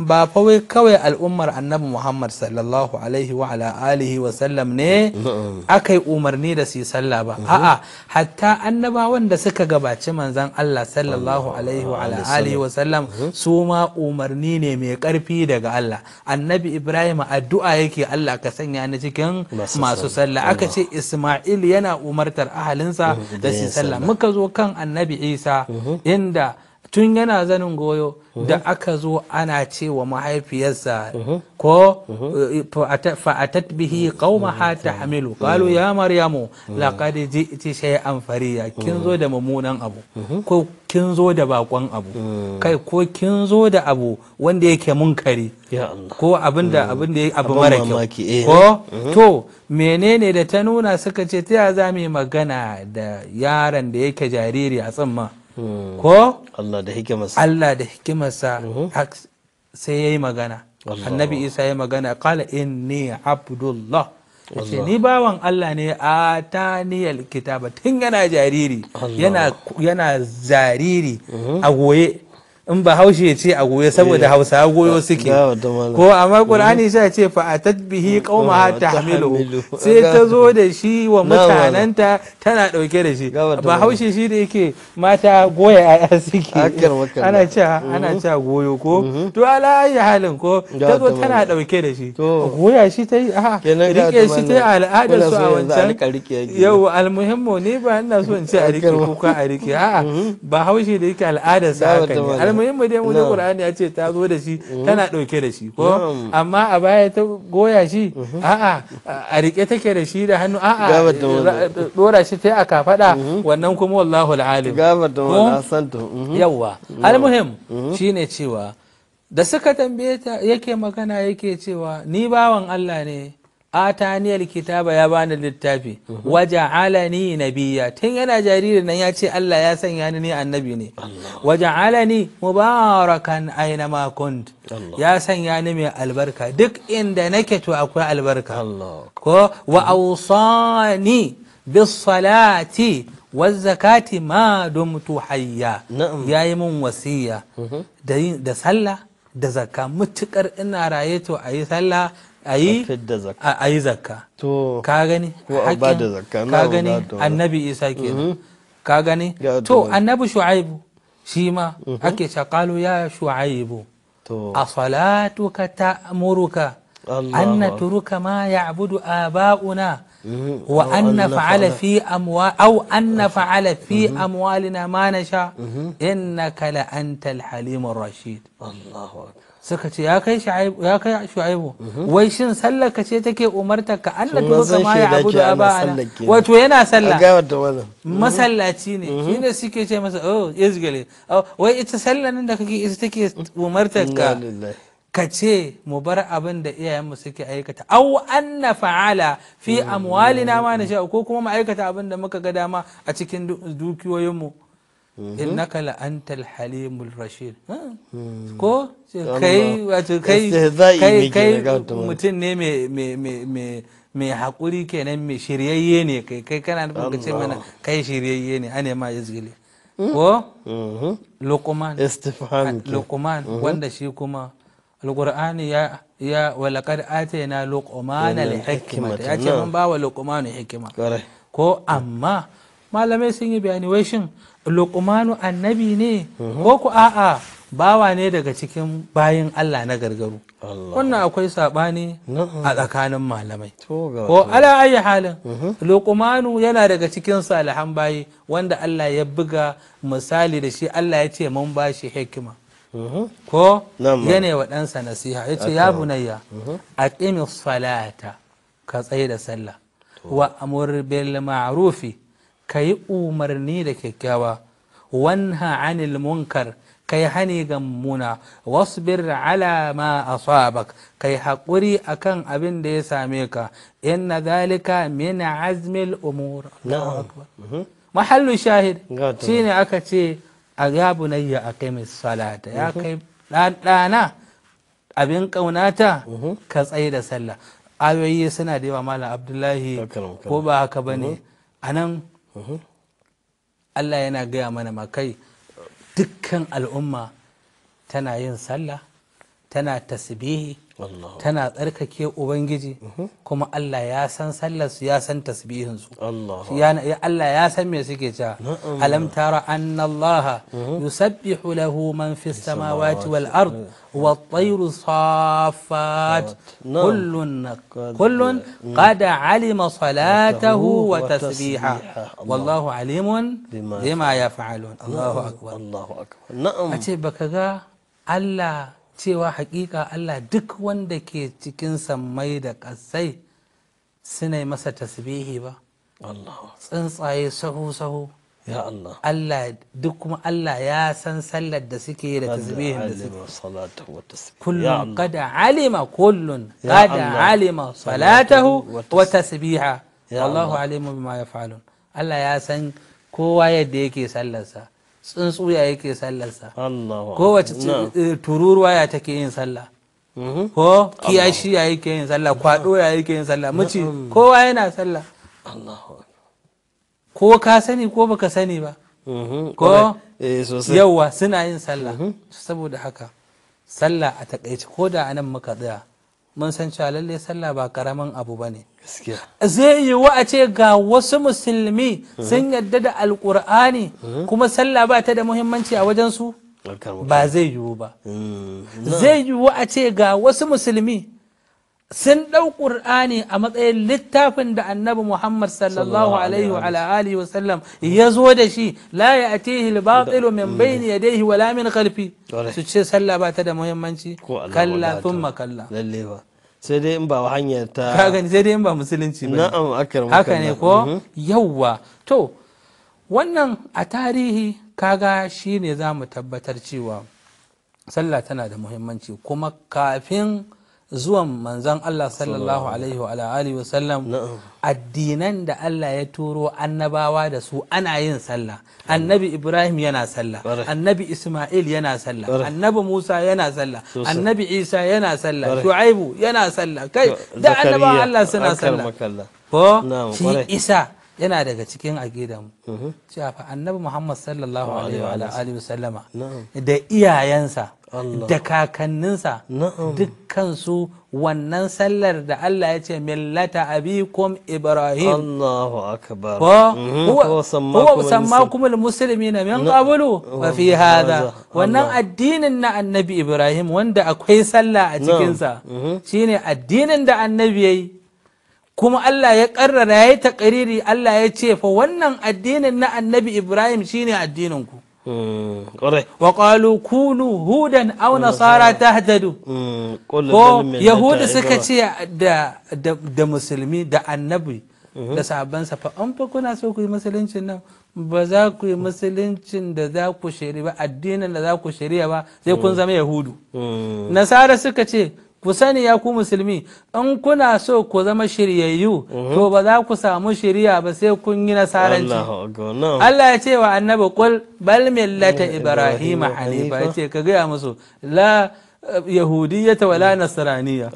ba fa kawai al'ummar annabi muhammad sallallahu alaihi wa alihi wa sallam ne aka umarni da su yi sallah ba a'a hatta annaba wanda suka gabaci manzan allah sallallahu alaihi wa alihi wa sallam hmm? su ma umarni ne mai karfi daga allah annabi ibrahim addu'a yake allah ka sanya ni cikin masu sallah aka ce isma'il yana umartar ahalinsa hmm, da su sallah muka zo kan annabi isa hmm? inda tun yana zanin goyo da aka zo ana ce wa mahaifiyarsa ko fa'atat bihi ta hamilu kalu ya maryamu laqad ji'ti shay'an fariya kin zo da mummunan abu ko kin zo da bakon abu kai ko kin zo da abu wanda yake munkari ko abinda abinda yake abu mara kyau eh. ko to menene da ta nuna suka ce ta ya za mu magana da yaron da yake jariri a tsamma Hmm. ko Allah da hikimarsa Allah da hikimarsa mm-hmm. sai yayi magana annabi Isa yayi magana qala inni abdullah Ce ni bawan Allah ne a taniyal kitaba tun yana jariri yana zariri mm-hmm. a goye in ba haushe ya ce a eh, goyo saboda hausawa goyo suke ko amma qur'ani sai ce fa atat bihi ta tahmilu sai ta zo da shi wa mutananta tana dauke da shi ba haushe shi da yake mata goya yaya suke ana cewa mm-hmm. ana cewa goyo ko mm-hmm. to ala ayi halin ko ta zo tana dauke da shi goya shi ta yi a rike shi ta yi al'adar su a wancan yau almuhimmo ne ba ina so in ce a rike kuka a rike a'a mm-hmm. ba haushe da yake al'adar sa haka ne ai muhimmi dai mu Qur'ani ya ce ta zo da shi mm-hmm. tana dauke da shi ko amma a baya ta goya shi mm-hmm. a'a a rike take da shi da hannu a'a dora shi sai a kafada mm-hmm. wannan kuma wallahu alalim gabar da wannan santo yawa almuhim shine cewa da suka tambaye ta yake magana yake cewa ni bawan Allah ne atani kitaba ya bani littafi mhm. wa ja'alani nabiyya tun yana jaririn nan ya ce Allah ya sanya ni annabi ne waje ja'alani mubarakan aina ma ya sanya ni mai albarka duk inda nake to akwai albarka ko wa awsani bis salati والزكاة ما دمت حيا نعم يا من وصية da صلى ده زكاة متكر إن رأيته أي a yi a yi zakka ka gani ka gani annabi isa ke mm-hmm. ka gani to annabi shu'aibu shi ma mm-hmm. ake shakalu ya shu'aibu a ta ta'muruka an turuka ma a ba'una mm-hmm. wa an fa'ala fi amwa au an fa'ala fi amwalina ma nasha innaka kala an talhalimun rashid Allahu akbar suka ce ya kai shu'aibu wai shin sallar ka ce take umarta ka an to ga ma ya abu da ba wato yana salla mhm. masallaci ne mhm. shi ne suke ce masa oh izgale oh, wai ita sallar nan da kake ita take umarta ka ka ce mu bar abin da iyayenmu suke aikata aw anna fa'ala fi mhm. amwalina ma sha ko kuma mu aikata abin da muka ga dama a cikin dukiyoyinmu innaka la antal halimul rashid ko kai wato kai kai mutum ne mai mai haƙuri kenan mai shiryayye ne kai kai kana nufin ka ce mana kai shiryayye ne ane ma yazgili ko luqman istifham luqman wanda shi kuma alqur'ani ya ya walaqad atayna luqman alhikma ya ce mun ba wa luqman hikima ko amma malamai sun yi bayani wai shin Lukumanu annabi ne uh-huh. ko ku a'a bawa ne daga cikin bayin Allah na gargaru wannan akwai saɓani a tsakanin malamai ko ala ayi halin uh-huh. Lukumanu yana daga cikin salihan bayi wanda Allah ya buga misali da shi Allah ya ce mun bashi hikima uh-huh. ko yana wa ɗansa nasiha ya ce ya bunayya a salata ka tsaye da sallah wa amur bil ma'rufi ka yi umarni da kyakkyawa wanha anil munkar Kai yi hani ga Wasu wasbir ala ma asabak Kai yi haƙuri akan abin da ya same ka inna zalika min azmil umur mhm. mahallu shahid shine aka ce a gabunayya a kai salata ya mhm. kai ɗana abin ƙaunata mhm. ka tsaye da sallah ayoyi suna da yawa malam abdullahi ko ba haka ba ne a nan Allah yana gaya mana makai dukkan al'umma tana yin sallah tana tasbihi tana tsarkake ubangiji mhm. kuma Allah ya san sallarsu ya san su Allah ya san me suke cewa alam tara anna Allah mhm. yusabbihu lahu man fis samawati wal ard wa tayru safat kullun kullun mm. qad alima salatahu wa tasbiha wallahu alimun bima yaf'alun Allahu akbar Allahu akbar na'am ace baka ga Allah cewa hakika Allah duk wanda ke cikin sammai da ƙasai suna masa tasbihi ba tsuntsaye sahu-sahu ya Allah Allah duk kuma Allah ya san sallar da suke da tasbihin da suke kullum kada alima kullun kada alima salatahu wa tasbiha wallahu alimu bima yaf'alun Allah ya san kowa yadda yake sallarsa tsuntsuya yake sallarsa kowace eh, tururuwa ya take yin sallah mm-hmm. ko kiyashi ya yake yin sallah kwado ya yake yin sallah mace kowa yana sallah ko ka sani ko baka sani ba mm-hmm. ko eh, yawa suna yin sallah mm-hmm. saboda haka sallah a takaice ko da anan muka tsaya mun san cewa lallai sallah ba karamin abu ba ne zai yiwu a ce ga wasu musulmi sun yadda da alkur'ani hmm. kuma sallah ba ta da muhimmanci a wajensu ba zai yiwu ba hmm. zai yiwu a ce ga wasu musulmi sun ɗau ƙur'ani a matsayin littafin da annabi muhammad sallallahu alaihi wa alihi wa sallam ya zo da shi la ya atihi al-batilu min mm. bayni yadayhi wala min khalfi su ce sallah ba ta da muhimmanci kalla thumma kalla sai dai in ba wa hanyar ta ka gani sai dai in ba musulunci ba na'am akram haka ne ko mm-hmm. yawwa to wannan a tarihi kaga shine zamu tabbatar cewa sallah tana da muhimmanci kuma kafin zuwan manzon Allah sallallahu alaihi wa alihi wa sallam addinan da Allah ya turo annabawa da su ana yin sallah annabi Ibrahim yana sallah annabi Ismail yana sallah annabi Musa yana sallah annabi Isa yana sallah Shu'aibu yana sallah kai da annabawa Allah suna sallah ko shi Isa yana daga cikin aqidan mm-hmm. cewa fa annabi Muhammad sallallahu alaihi wa alihi da iyayensa da kakanninsa dukkan su wannan sallar da Allah ya ce millata abikum Ibrahim Allahu akbar mm-hmm. huwa sammakum almuslimina min qablu wa fi hada wannan addinin na annabi Ibrahim wanda akwai sallah a cikinsa mm-hmm. shine addinin da annabi yayi kuma Allah ya karrara ya yi takariri Allah ya ce fa wannan addinin na annabi Ibrahim shine addinin ku mm, wa qalu kunu hudan aw nasara tahtadu mm, ko yahudu suka ce da musulmi da annabi mm-hmm. da sahabbansa fa an fa kuna so ku yi musuluncin nan ba za ku yi musuluncin da za ku shari'a ba addinin da za ku shari'a ba sai kun mm. zama yahudu nasara suka ce ku sani ya ku musulmi in kuna so ku zama shiryayyu to ba za ku samu shirya ba sai kun yi nasaranci Allah ya ce wa annabi qul bal millata ibrahima hanifa ya ce ka gaya musu la yahudiyata wala nasraniya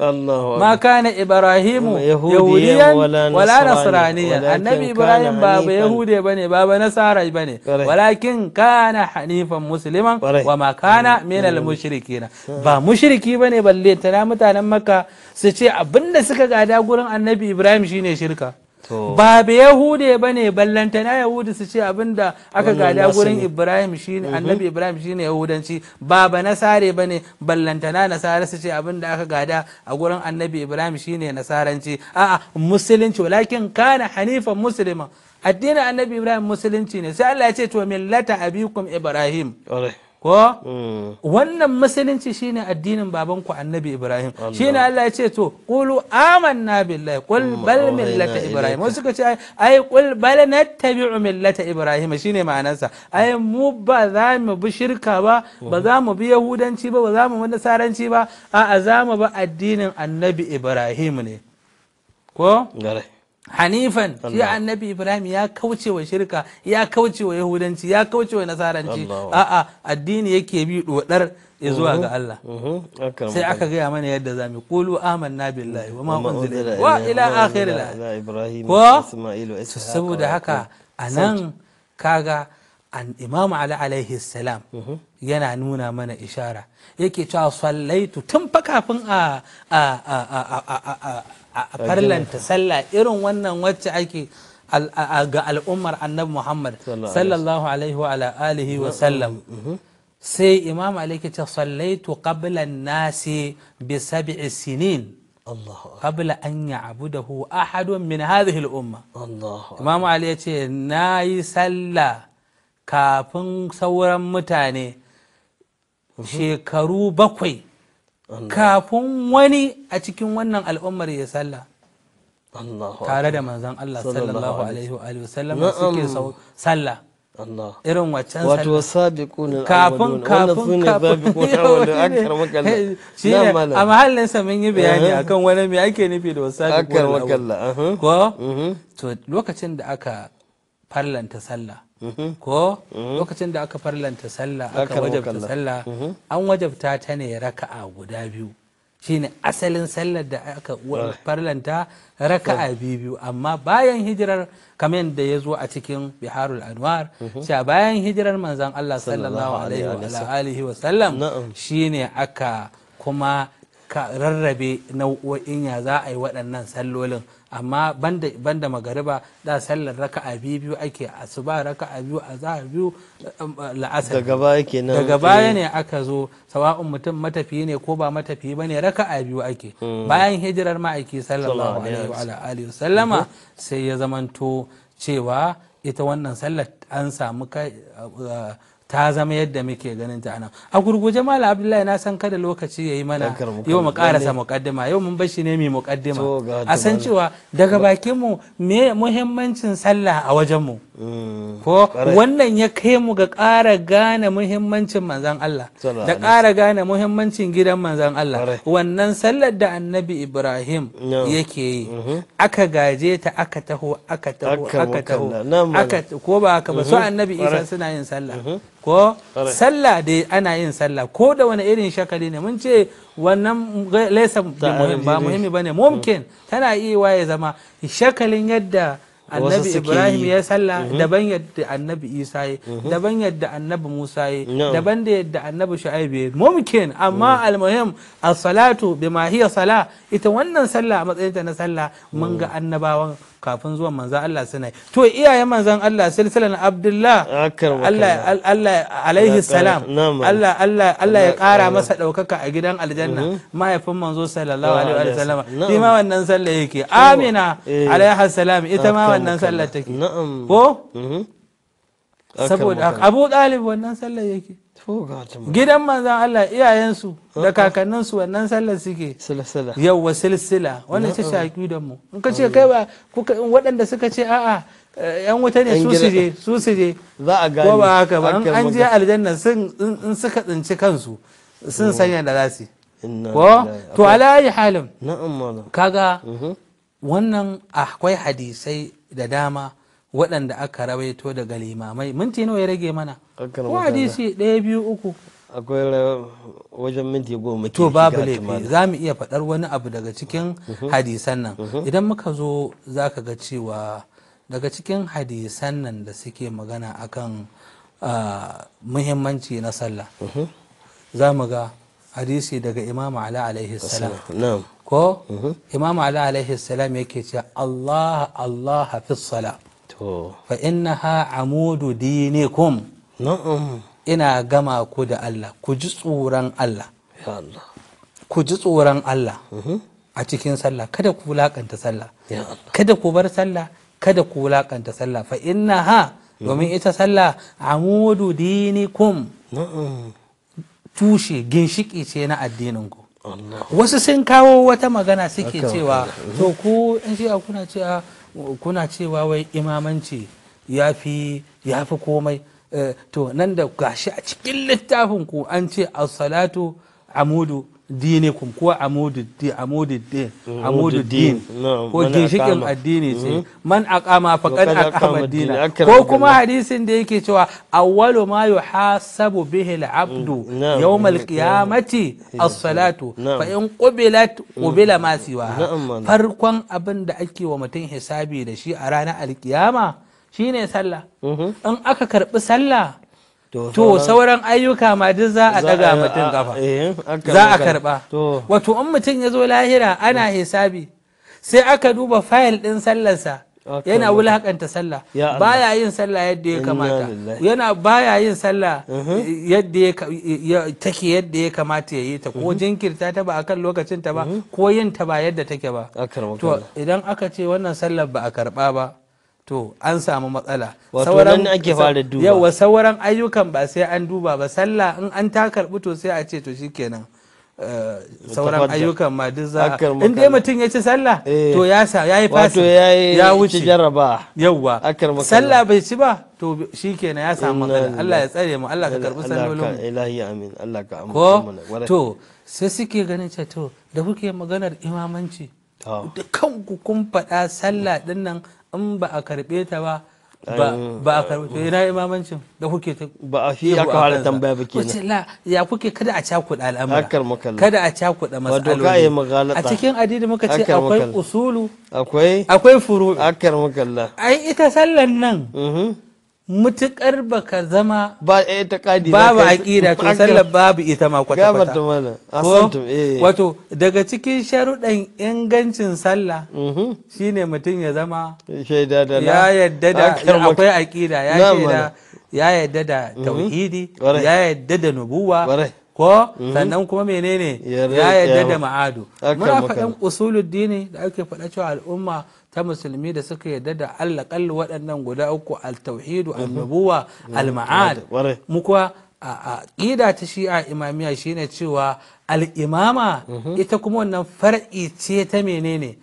ma kana ibrahimu yahudiyan wala nasraniya annabi ibrahim ba ba yahude bane ba ba nasara bane walakin kana hanifan musliman wa ma kana min al mushrikin ba mushriki bane balle tana mutanen makka su ce abinda suka gada gurin annabi ibrahim shine shirka ba ba yahude ba ne ballanta na yahudi su ce abinda aka gada gurin ibrahim ne mhm. annabi ibrahim shi ne yahudanci ba ba nasare ba ne ballanta na nasara su ce abinda aka gada a gurin annabi ibrahim shi ne nasaranci a'a musulunci walakin kana hanifan musulman addinin annabi ibrahim musulunci ne sai allah ya ce to millata abikum ibrahim ko mm. wannan musulunci shine addinin babanku annabi ibrahim shine Allah ya ce to qulu amanna billahi qul bal millata ibrahim wasu suka ce ai qul bal nattabi'u millata ibrahim shine ma'anarsa ai mu ba za mu bi shirka ba ba za mu bi yahudanci ba ba za mu bi nasaranci ba a'a za mu bi addinin annabi ibrahim ne ko hanifan shi annabi ibrahim ya kauce wa shirka ya kauce wa yahudanci ya kauce wa nasaranci a'a addini yake bi dodar ya zuwa ga mhm, Allah mhm, sai aka gaya mana yadda za mu kulu amanna billahi wa ma unzila wa ila akhir ibrahim isma'il saboda haka anan kaga an imamu ali alaihi salam mhm. yana nuna mana ishara yake cewa sallaitu tun fa kafin a a farlanta sallah irin wannan wacce ake ga al'ummar annabi muhammad sallallahu alaihi wa alihi wa sallam mm-hmm. sai imam aliki ce sallaitu qabla nasi bi sab'i sinin qabla an ya'budahu ahadun min hadhihi al'umma imam ali yace ce nayi sallah kafin sauran mutane mm-hmm. shekaru bakwai kafin wani a cikin wannan al'ummar ya sallah tare da manzan Allah sallallahu alaihi wa sallam suke sallah irin waccan wato sabiqun kafin kafin kafin shi ne a mahallin sa mun yi bayani akan wani me ake nufi da wasabiqun ko mhm. to lokacin da aka farlanta sallah ko lokacin da aka farlanta sallah aka wajabta sallah mhm. an wajabta ta ne raka'a guda biyu shine asalin sallar da aka farlanta raka'a biyu amma bayan hijirar kamen da ya zo a cikin biharul anwar mhm. a bayan hijirar manzan Allah sallallahu alaihi wa sallam shine aka kuma ka rarrabe nau'o'in ya za a yi waɗannan sallolin amma banda da magariba da sallar raka biyu ake asuba a biyu a biyu um, uh, la'asar daga baya nan daga baya eh. ne aka zo sawa'un mutum matafiyi ne ko ba matafi matafiyi raka raka biyu ake hmm. bayan hijirar ma'aiki sallallahu alaihi wa sallama mhm. sai ya zamanto cewa ita wannan sallar an samu uh, uh, ta zama yadda muke ganin ta nan a gurguje malam abdullahi na san kada lokaci yayi mana yau mu karasa muqaddima yau mun bar shi ne mai muqaddima a san cewa daga bakin mu me muhimmancin sallah a wajen mu Mm. ko wannan ya kai mu ga ƙara gane muhimmancin manzan Allah da ƙara gane muhimmancin gidan manzan Allah wannan sallar da annabi Ibrahim yake yi mm-hmm. aka gaje ta aka taho aka taho aka taho aka ko ba haka ba su mm-hmm. annabi Isa suna yin sallah mm-hmm. ko sallah dai ana yin sallah ko da wani irin shakali ne mun ce wannan laisa ba muhimmi bane mumkin mm. tana iya waye zama shakalin yadda annabi ibrahim ya salla mhm. daban yadda annabi isa ya mhm. daban yadda annabi musa ya daban da yadda annabi shu'aib ya mumkin amma mhm. almuhim as-salatu bima hiya sala ita wannan sallah a matsayin na sallah mun ga annabawan kafin zuwan manzan Allah suna to iyaye manzan Allah silsilan Abdullah Allah Allah alaihi salam Allah Allah Allah ya kara masa daukaka a gidan aljanna mhm. mahaifin manzo sallallahu alaihi wa sallam shi ma wannan sallah yake Amina eh. alaiha salam ita ma wannan sallah take ko mhm. saboda Abu Talib wannan sallah yake gidan manzan Allah iyayensu da uh-huh. kakanninsu wannan sallar suke yawwa silsila wannan ce shaƙi uh-huh. akidan mu in ka ce kai ba waɗanda suka ce a'a yan wuta ne su su je su su je za a gani ko ba haka ba an je aljanna sun in suka tsinci kansu sun mm. sanya da za su ko to ala ayi halin kaga mm-hmm. wannan akwai hadisai da dama waɗanda aka rawaito daga limamai minti nawa ya rage mana ko hadisi ɗaya biyu uku akwai wajen minti goma to babu laifi za mu iya faɗar wani abu daga cikin mhm. hadisan nan mhm. idan muka zo za ka ga cewa daga cikin hadisan nan da suke magana akan ah, muhimmanci na sallah mhm. za mu ga hadisi daga imam ala alaihi salam ko imam ala alaihi salam yake cewa allah allah fi salam fa ha amudu dinikum na'am ina gama ku da Allah ku ji tsoron Allah ku ji tsoron Allah mhm. a cikin sallah kada ku wulakanta sallah kada ku bar sallah kada ku wulakanta sallah fa ha mhm. domin ita sallah amudu dinikum tushe ginshiki ce na addininku wasu sun kawo wata magana suke cewa to ku in shi kuna cewa kuna cewa wai imamanci ya fi komai eh, to nan da gashi a cikin littafin ku an ce as-salatu amudu dinikum ko amududdin amududdin mm, amududdin ko ginshikin addini ce mm-hmm. man aqama faqad aqama dina ko kuma hadisin da yake cewa awwalu ma yuhasabu bihi al-abdu mm, yawm al-qiyamati mm, as-salatu fa in qubilat qubila ma siwa farkon abin da ake wa mutum hisabi da shi a ranar alkiyama shine sallah mm-hmm. in aka karbi sallah to sauran ayyuka ma duk za a daga mutum kafa za a eh, karba wato in mutum ya zo lahira ana hisabi sai aka duba fayil din sallarsa yana wulakanta sallah baya yin sallah yadda ya kamata yana baya yin sallah uh-huh. yadda ya take yadda ya kamata ya yi ta ko uh-huh. jinkirta ta ba akan lokacin ta ba uh-huh. ko yin ta ba yadda take ba to idan aka ce wannan sallar ba a karba ba to an samu matsala sauran ake fara duba yawa sauran ayyukan ba sai an duba ba sallah in an ta karbi to sai a ce to shikenan eh, sauran ayyukan ma duk za in dai mutum ya ci sallah eh. to ya sa ya yi fasi ya wuce jarraba yawa sallah bai ci ba to shikenan ya samu matsala Allah ya tsare mu Allah ka karbi sallolin ilahi amin Allah ka amince to sai suke ganin ce to da kuke maganar imamanci da kanku kun faɗa sallah din nan in ba a karbe ta ba ba a karbe to yana imamancin da kuke ta ba a fiye aka fara tambaya ba ke wace la ya kuke kada a cakuɗa al'amura kada a cakuɗa masaloli a cikin adidi muka ce akwai usulu akwai akwai furu akar makalla ai ita sallan nan mm-hmm. mutukar ka zama ba ba babu aqida to sallar babu ita ma kwata kwata eh. wato daga cikin sharuɗan ingancin sallah mhm. shine mutum ya zama shaida da ya yadda da akwai aqida ya shaida ya yadda da mhm. tauhidi ya yadda da nubuwa ko mhm. sannan kuma menene ya yadda da ma'adu muna faɗan usuluddini da ake faɗa cewa al'umma ta musulmi da suka yarda da kallu waɗannan guda uku al-tauhidu mhm. al-nubuwa mhm. al-ma'ad mu kuwa a ƙida ta shi'a imamiya shine cewa al-imama mhm. ita kuma wannan far'i ce ta menene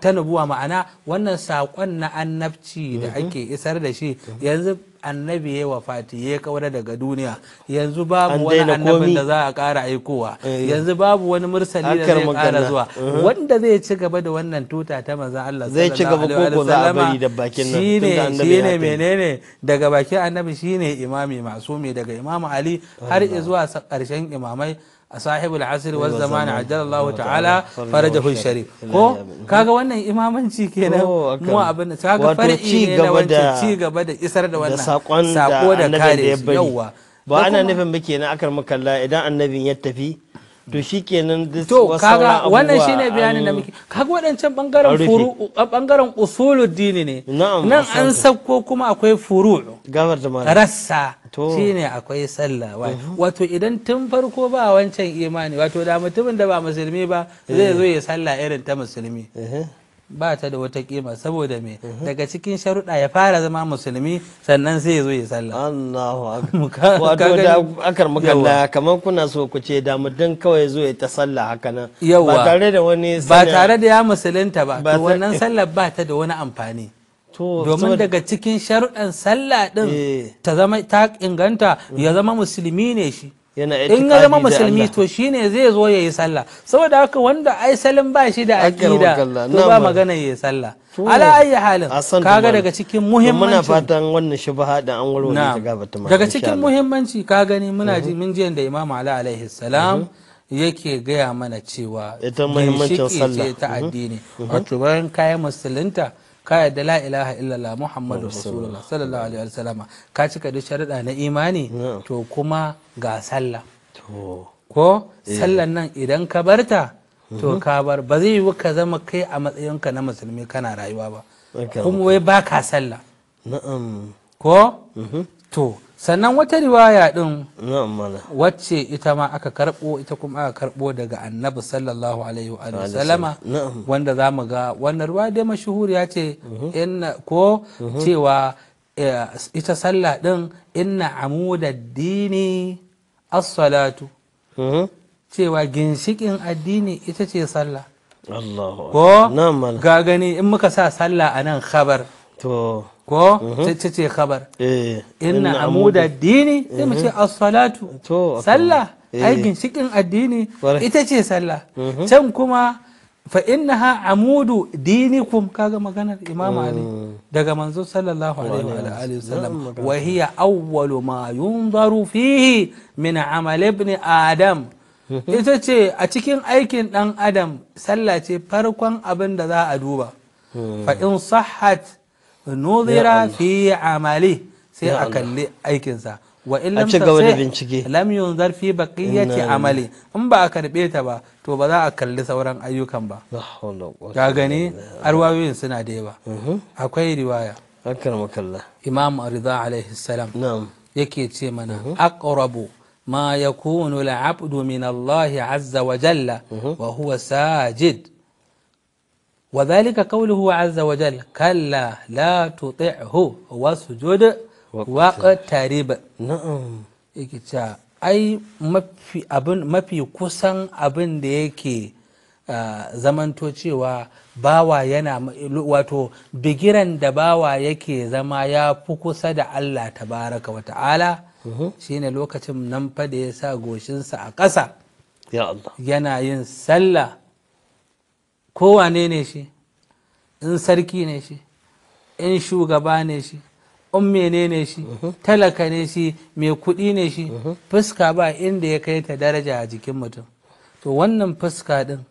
ta nubuwa ma'ana wannan saƙon na annabci da ake isar da shi yanzu annabi ya wafati ya kawar daga duniya yanzu babu wani annabin da za a kara aikowa eh. yanzu babu wani mursali da zai kara zuwa uh-huh. wanda zai ci gaba da wannan tuta ta manzo Allah zai ci gaba ko za a bari da bakin nan shine shine menene daga bakin annabi shine imami masumi daga imamu Ali har zuwa karshen imamai A sahibul asr wal zaman ajjalallahu ta'ala farajahu sharif ko kaga wannan imamanci kenan oh, mu abin da kaga ne na ci gaba da isar da wannan sako da kare yawa ba ana nufin muke na akar makalla idan annabin ya tafi to shikenan this to kaga wannan shine bayanin da muke kaga wadancan bangaren furu bangaren usuluddini ne nan an sako kuma akwai furu rassa shine akwai sallah mhm. wato idan tun farko ba wancan imani wato da mutumin da ba musulmi ba zai eh. zo ya sallah irin ta musulmi eh. ba ta da wata kima saboda me mhm. daga cikin sharuɗa ya fara zama musulmi sannan sai zo ya sallah Allahu akbar wato da akar mukalla kamar kuna so ku ce da mudun kawai zo ya ta sallah haka nan ba tare da wani ba tare da ya musulunta ba to wannan sallar ba ta da wani amfani domin daga cikin sharuɗan sallah din eh. ta zama ta inganta ya mhm. zama musulmi ne shi in ya zama musulmi to shine zai zo ya yi sallah saboda haka wanda aisalin ba shi da aqida to ba magana ya yi sallah ala ayi halin kaga daga cikin muhimmanci muna fatan wannan shubha da an warware ta gaba ta daga cikin muhimmanci ka gani muna ji mhm. mun ji da imam ala alaihi salam mhm. yake gaya mana cewa ita muhimmancin sallah ta mhm. addini wato bayan kayan musulunta ka yadda la ilaha illallah muhammadu rasulullah sallallahu alaihi wasallam ka cika da sharuɗa na imani to kuma ga sallah ko eh. sallan nan idan ka barta to mhm. ka bar ba zai yi ka zama kai a matsayinka na musulmi kana rayuwa ba kuma wai ba ka sallah ko mhm. to sannan wata riwaya din wacce ita ma aka karbo ita kuma aka karbo daga annabi sallallahu alaihi wa sallama wanda za mu ga wannan ruwa dai mashuhuriya ce mhm. ko mhm. cewa eh, ita sallah din inna amuda dini as-salatu mhm. cewa ginshikin addini ita ce sallah ko ga gani in muka sa sallah a nan khabar to ko ce uh-huh. ce khabar eh, inna amuda dini sai mu ce uh-huh. as-salatu sallah eh. ai ginshikin addini ita ce sallah uh-huh. can kuma fa innaha amudu dinikum kaga maganar imam ali mm. daga manzo sallallahu alaihi wa alihi wasallam wa hiya awwalu ma yunzaru fihi min amal ibn adam ita ce a cikin aikin dan adam sallah ce farkon abin da za a duba mm. fa in sahhat nuzira fi amali sai a kalli aikinsa wa illam lam bincike lam yunzar fi baqiyati amali in ba a karbe ta ba to ba za a kalli sauran ayyukan ba ga gani arwayoyin suna da yawa akwai riwaya imam rida alaihi salam yake ce mana aqrabu ma yakunu al'abdu min Allah azza wa jalla wa huwa sajid وذلك قوله عز وجل كلا لا تطعه وسجد واقترب نعم yake ai mafi kusan abin da yake zamanto cewa bawa yana wato bigiran da bawa yake zama ya fi kusa da Allah tabaraka wa ta'ala shine lokacin nan fa da ya sa goshinsa a ƙasa yana yin sallah wane ne shi in sarki ne shi in shugaba ne shi in menene shi mhm. talaka ne shi mai kuɗi ne shi mhm. fuska ba inda ya kai ta daraja a jikin mutum to wannan fuska din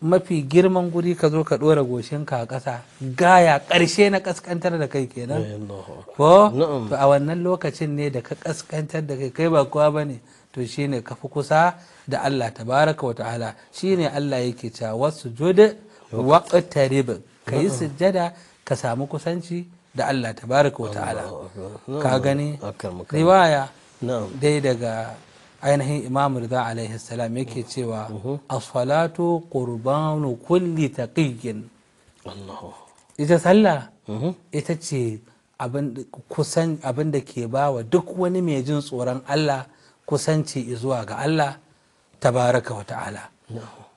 mafi girman guri ka zo ka ɗora goshinka a ƙasa gaya ƙarshe na ƙasƙantar da kai kenan ko to a wannan lokacin ne da ka ƙasƙantar da kai kai ba kowa ba ne to shi ka fi kusa da Allah tabaraka wa ta'ala ne Allah yake cewa wasjud waqtarib ka yi mm-hmm. sujjada ka samu kusanci da Allah tabaraka wa ta'ala ka gani riwaya dai daga ainihin imam rida alaihi salam yake cewa mm-hmm. asfalatu ƙurbanu qurbanu kulli taqiyyin ita sallah mm-hmm. ita ce abin da ke bawa duk wani mai jin tsoron Allah kusanci zuwa ga Allah tabaraka wa ta'ala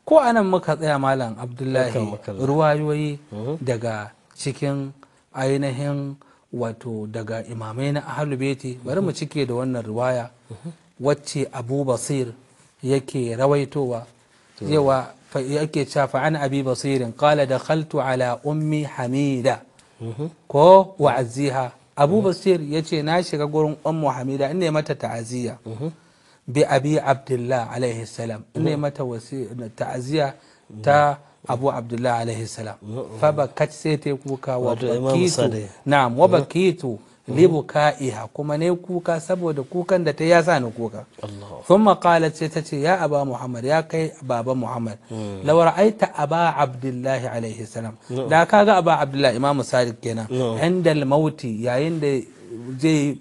ko anan muka tsaya malam abdullahi ruwayoyi mm-hmm. daga cikin ainihin wato daga imamai na ahalu beti bari mu mm-hmm. cike da wannan ruwaya mm-hmm. wacce abu basir yake rawaitowa yawa yake cewa an abi basirin da dakhaltu ala ummi hamida ko wa'aziha abu basir ya ce na shiga gurin ummu hamida in ne mata ta'aziyya bi abi abdullah alaihi salam in ne mata ta'aziyya ta abu abdullah alaihi salam fa bakat sai ta kuka wa bakitu na'am wa bakitu Mm. kaiha kuma ne kuka saboda kukan da ta ya sa ni kuka thumma qalat ce ta ce ya aba muhammad ya kai baba muhammad mm. lawar aita aba abdullahi alaihi salam da ga aba abdullahi imamu sadiq kenan handal mauti yayin da zai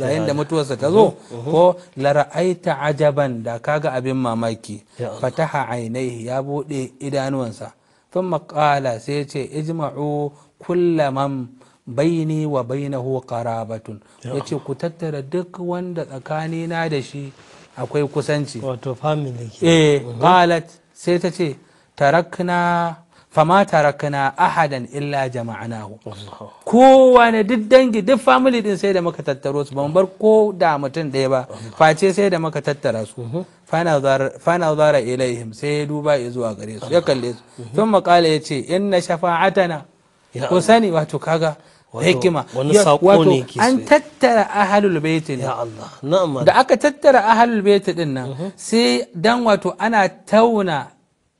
yayin da mutuwarsa ta zo mm-hmm. Mm-hmm. ko lara'aita ajaban da kaga abin mamaki fataha ainihi ya bude idanuwansa sun makala sai ce ijma'u kullaman baini wa bainahu qarabatun yace ku tattara duk wanda tsakani na da shi akwai kusanci wato family eh mhm. qalat sai ta ce tarakna fama tarakna ahadan illa jama'nahu kowane duk dangi duk family din sai da muka tattaro su ban bar ko da mutum ɗaya ba face sai da muka tattara su mhm. fana zara ilaihim sai ya duba ya zuwa gare su ya kalle su sun mhm. makala ya ce inna shafa'atana ku sani wato kaga hikima wato an tattara ahalul baiti ne da aka tattara ahalul baiti din nan mhm. sai dan wato ana tauna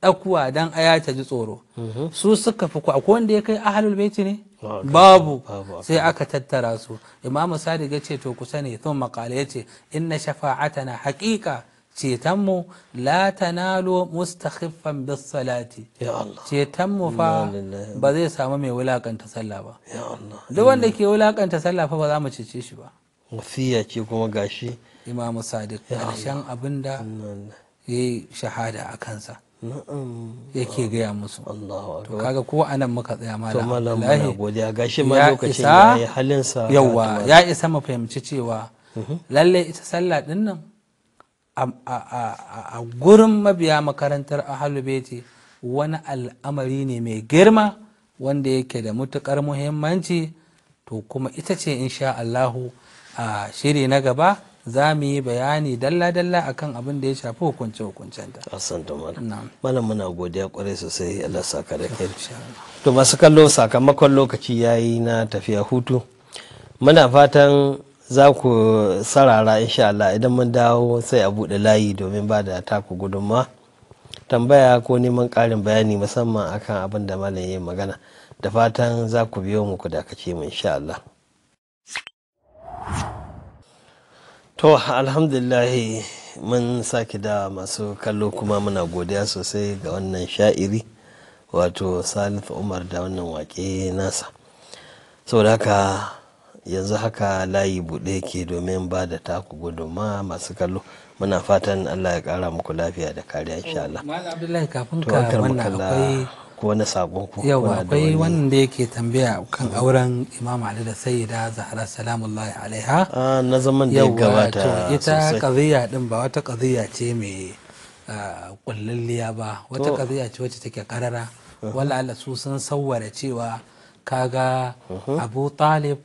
dakuwa dan aya ta ji tsoro mhm. su suka fi kwa wanda ya kai ahalul baiti ne ah, babu sai aka tattara su imamu sadiq ya ce to ku sani thumma qala yace inna shafa'atana haqiqa cetonmu la tanalo mustakhifan bis salati cetonmu fa ba zai samu mai wulakanta sallah ba duk wanda ke wulakanta sallah fa ba za mu cece shi ba wasiya ce kuma gashi imamu sadiq karshen abin da ya shahada a kansa yake gaya musu to kaga ko anan muka tsaya malam ya isa yawa ya isa mu fahimci cewa mhm. lalle ita sallah din nan a gurin mabiya makarantar ahalubeti wani al'amari ne mai girma wanda yake da matukar muhimmanci to kuma ita ce insha Allahu a shiri na gaba za mu yi bayani dalla-dalla a kan abin da ya shafi hukunce-hukuncenta. Asanta malam. Malam muna godiya kwarai sosai Allah saka da kai. To masu kallo sakamakon lokaci yayi na tafiya hutu. Muna fatan za ku sarara insha Allah idan mun dawo sai a buɗe layi domin ba da taku gudunma tambaya ko neman ƙarin bayani musamman akan abin da malam ya magana da fatan za ku biyo mu ku dakace mu insha Allah to alhamdulillah mun sake da masu kallo kuma muna godiya sosai ga wannan sha'iri wato salif umar da wannan wake nasa saboda haka yanzu haka layi buɗe yake domin ba da taku gudunma masu kallo muna fatan allah ya ƙara muku lafiya da kariya insha Allah. wani sakon ku yau akwai wannan da yake tambaya kan auren Imam Ali da Sayyida Zahra salamullahi alaiha na zaman da ya gabata ita qadiyya din ba wata qadiyya ce mai kullalliya ba wata qadiyya ce wacce take karara uh-huh. wala su sun sawwara cewa kaga uh-huh. Abu Talib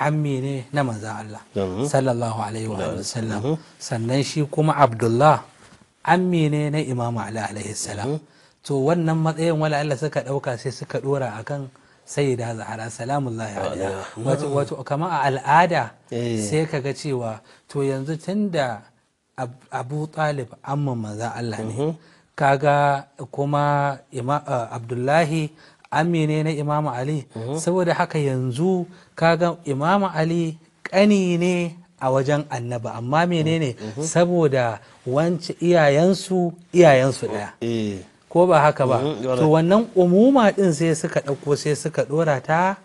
ammi ne na manzan Allah mhm. sallallahu alaihi wa sallam mhm. sannan shi kuma Abdullah ammi ne na Imam Ali alaihi salam mhm. to wannan matsayin wala Allah suka dauka sai suka dora akan sayyida Zahra salamullahi alaiha wato wato kama a al'ada eh. sai kaga cewa to yanzu tunda Abu Talib amma manzan Allah ne kaga kuma eh, Abdullahi amine na imamu ali mhm. saboda haka yanzu kaga imamu ali kani ne a wajen annaba amma menene mhm. Mhm. saboda wance iyayensu iyayensu daya eh. ko ba haka ba to wannan umuma din sai suka ɗauko sai suka dora ta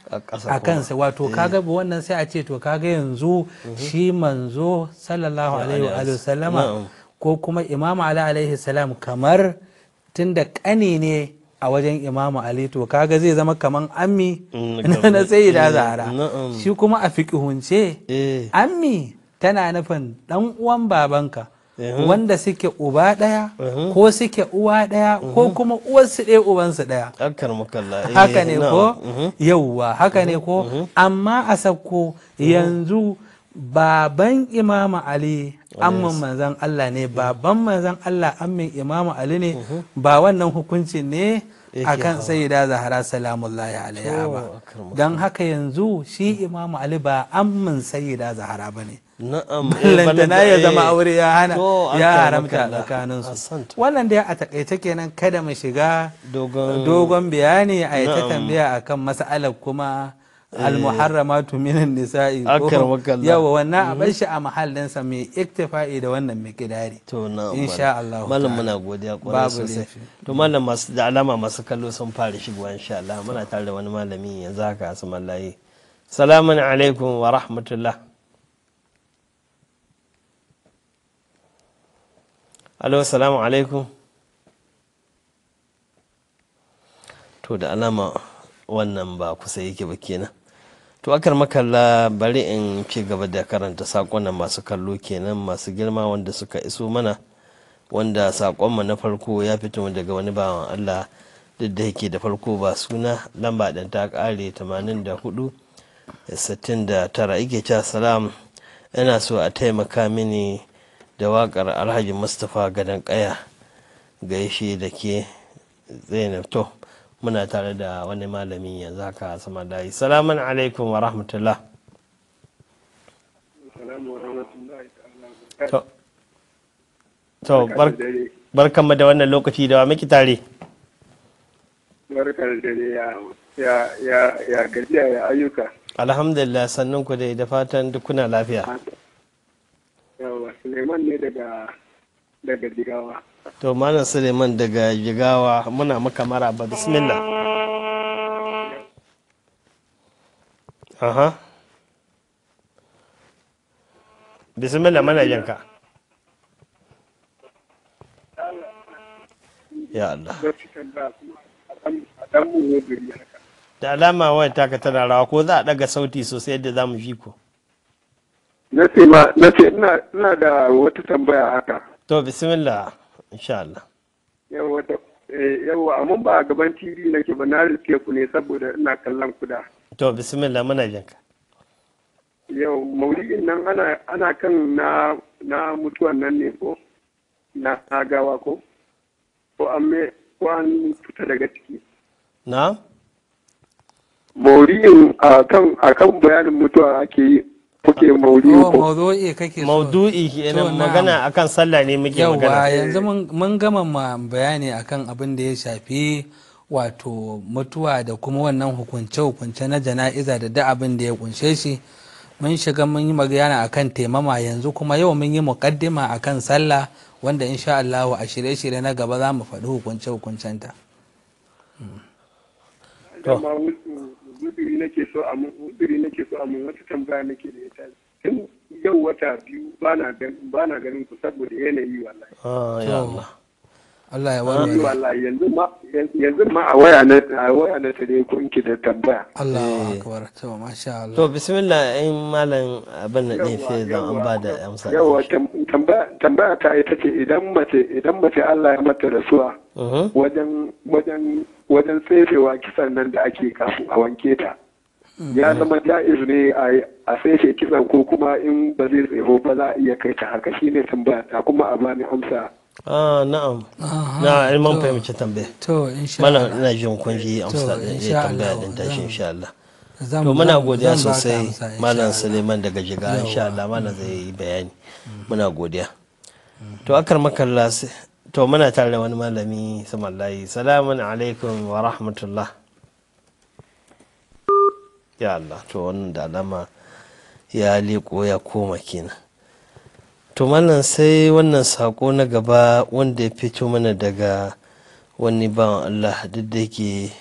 a kansa wato kaga ba eh. wannan sai a ce to kaga yanzu shi manzo sallallahu alaihi wa sallama ko kuma imamu ali alaihi salam kamar tunda ƙane ne a wajen imamu ali to kaga zai zama kaman ammi mm, na sai da zara shi kuma a fiƙihunce eh. ammi tana nufin ɗan uwan babanka wanda suke uba ɗaya ko suke uwa ɗaya ko kuma uwarsu ɗaya ubansu ɗaya haka ne eh, ko yauwa haka ne ko amma a sauko yanzu baban imamu ali amman manzan Allah ne baban manzan Allah amman imamu ali ne mhm. ba wannan hukunci ne akan sayyida zahara salamullahi alaiha oh, ba don haka yanzu shi imamu ali ba amman sayyida zahara ba ne eh, na ya zama eh. aure ya hana ya haramta tsakaninsu wannan dai a takaice kenan kada mu shiga dogon bayani a yi ta tambaya akan mas'alar kuma Eh. almuharramatu minan nisa'i yawa wannan a mm. bar shi a mahallin sa mai iktifa'i da wannan kidari to na'am insha Allah malam muna godiya kwarai sosai to malam masu da alama masu kallo sun fara shigowa insha Allah muna tare da wani malami yanzu haka asu layi salamun alaikum wa rahmatullah alo salamu alaikum to da alama wannan ba kusa yake ba kenan to akar makalla bari in ci gaba da karanta sakonan masu kallo kenan masu girma wanda suka iso mana wanda sakonmu na farko ya fito daga wani bawan allah duk da yake da farko ba suna lamba ɗin ta ƙare 84 69 ike cewa salam ina so a taimaka mini da waƙar alhaji mustapha gadon ƙaya gaishe da ke zainab to muna tare da wani malami yanzu haka sama da yi salamun alaikum wa rahmatullah to barkanmu da wannan lokaci da wa miki tare barkar dare ya gajiya ya ayyuka alhamdulillah sannan ku dai da fatan duk kuna lafiya yawa suleiman ne daga daga jigawa to mana suleiman daga jigawa muna maka maraba bismillah aha bismillah mana yanka ya Allah da alama wani taka tana rawa ko za a daga sauti sosai yadda za mu fi ko na ce ina da wata tambaya haka to bismillah insha Allah Yawwa da eh, yawa amma ba a gaban TV nake ba na riske ku ne saboda ina kallon ku da to bismillah muna jinka. yau maulidin nan ana ana kan na na mutuwan nan ne ko na gawa ko ko an me ko an fita daga ciki na maulidin a kan bayanin mutuwa ake yi kuke oh, maudu'i kenan magana akan sallah ne muke magana yawa yanzu mun gama ma bayani akan abin da ya shafi wato mutuwa da kuma wannan hukunce hukunce na jana'iza da da abin da ya kunshe shi mun shiga mun yi magana akan temama yanzu kuma yau mun yi mukaddima akan sallah wanda insha Allah a shirye-shirye na gaba za mu faɗi hukunce hukuncenta. Hmm. uzuri nake so a mun uzuri nake so a mun wata tambaya nake da ita tun yau wata biyu bana ganin bana ganin ku saboda yanayi wallahi ah ya Allah Allah ya ah. wani wallahi yanzu ma yanzu ma a waya na a waya na tare ku inki da tambaya Allah eh. akbar to masha Allah to bismillah ai malam abin na din sai zan an ba da amsa yau tambaya tambaya ta ita ce idan mace idan mace Allah ya mata rasuwa Uh-huh. wajen tsefewa kisan nan da ake kafu a wanke ta mm-hmm. ya zama ja'iz ne a tsefe kisan ko kuma in ba zai tsefo ba za a iya kai ta haka ne tambaya ta kuma a bani amsa Ah, na'am. Na ilman fahimci tambaya. To, Mana ina jin kun ji amsa da tambaya din tashi insha Allah. to muna godiya sosai malam suleiman daga jiga insha Allah mana zai yi bayani mm. muna godiya mm. to akar makalla to muna tare da wani malami samallahi salamun alaikum wa rahmatullah ya Allah to wannan da alama ya liko ya koma kenan to mallan sai wannan sako na gaba wanda ya fito mana daga wani ban Allah duk da yake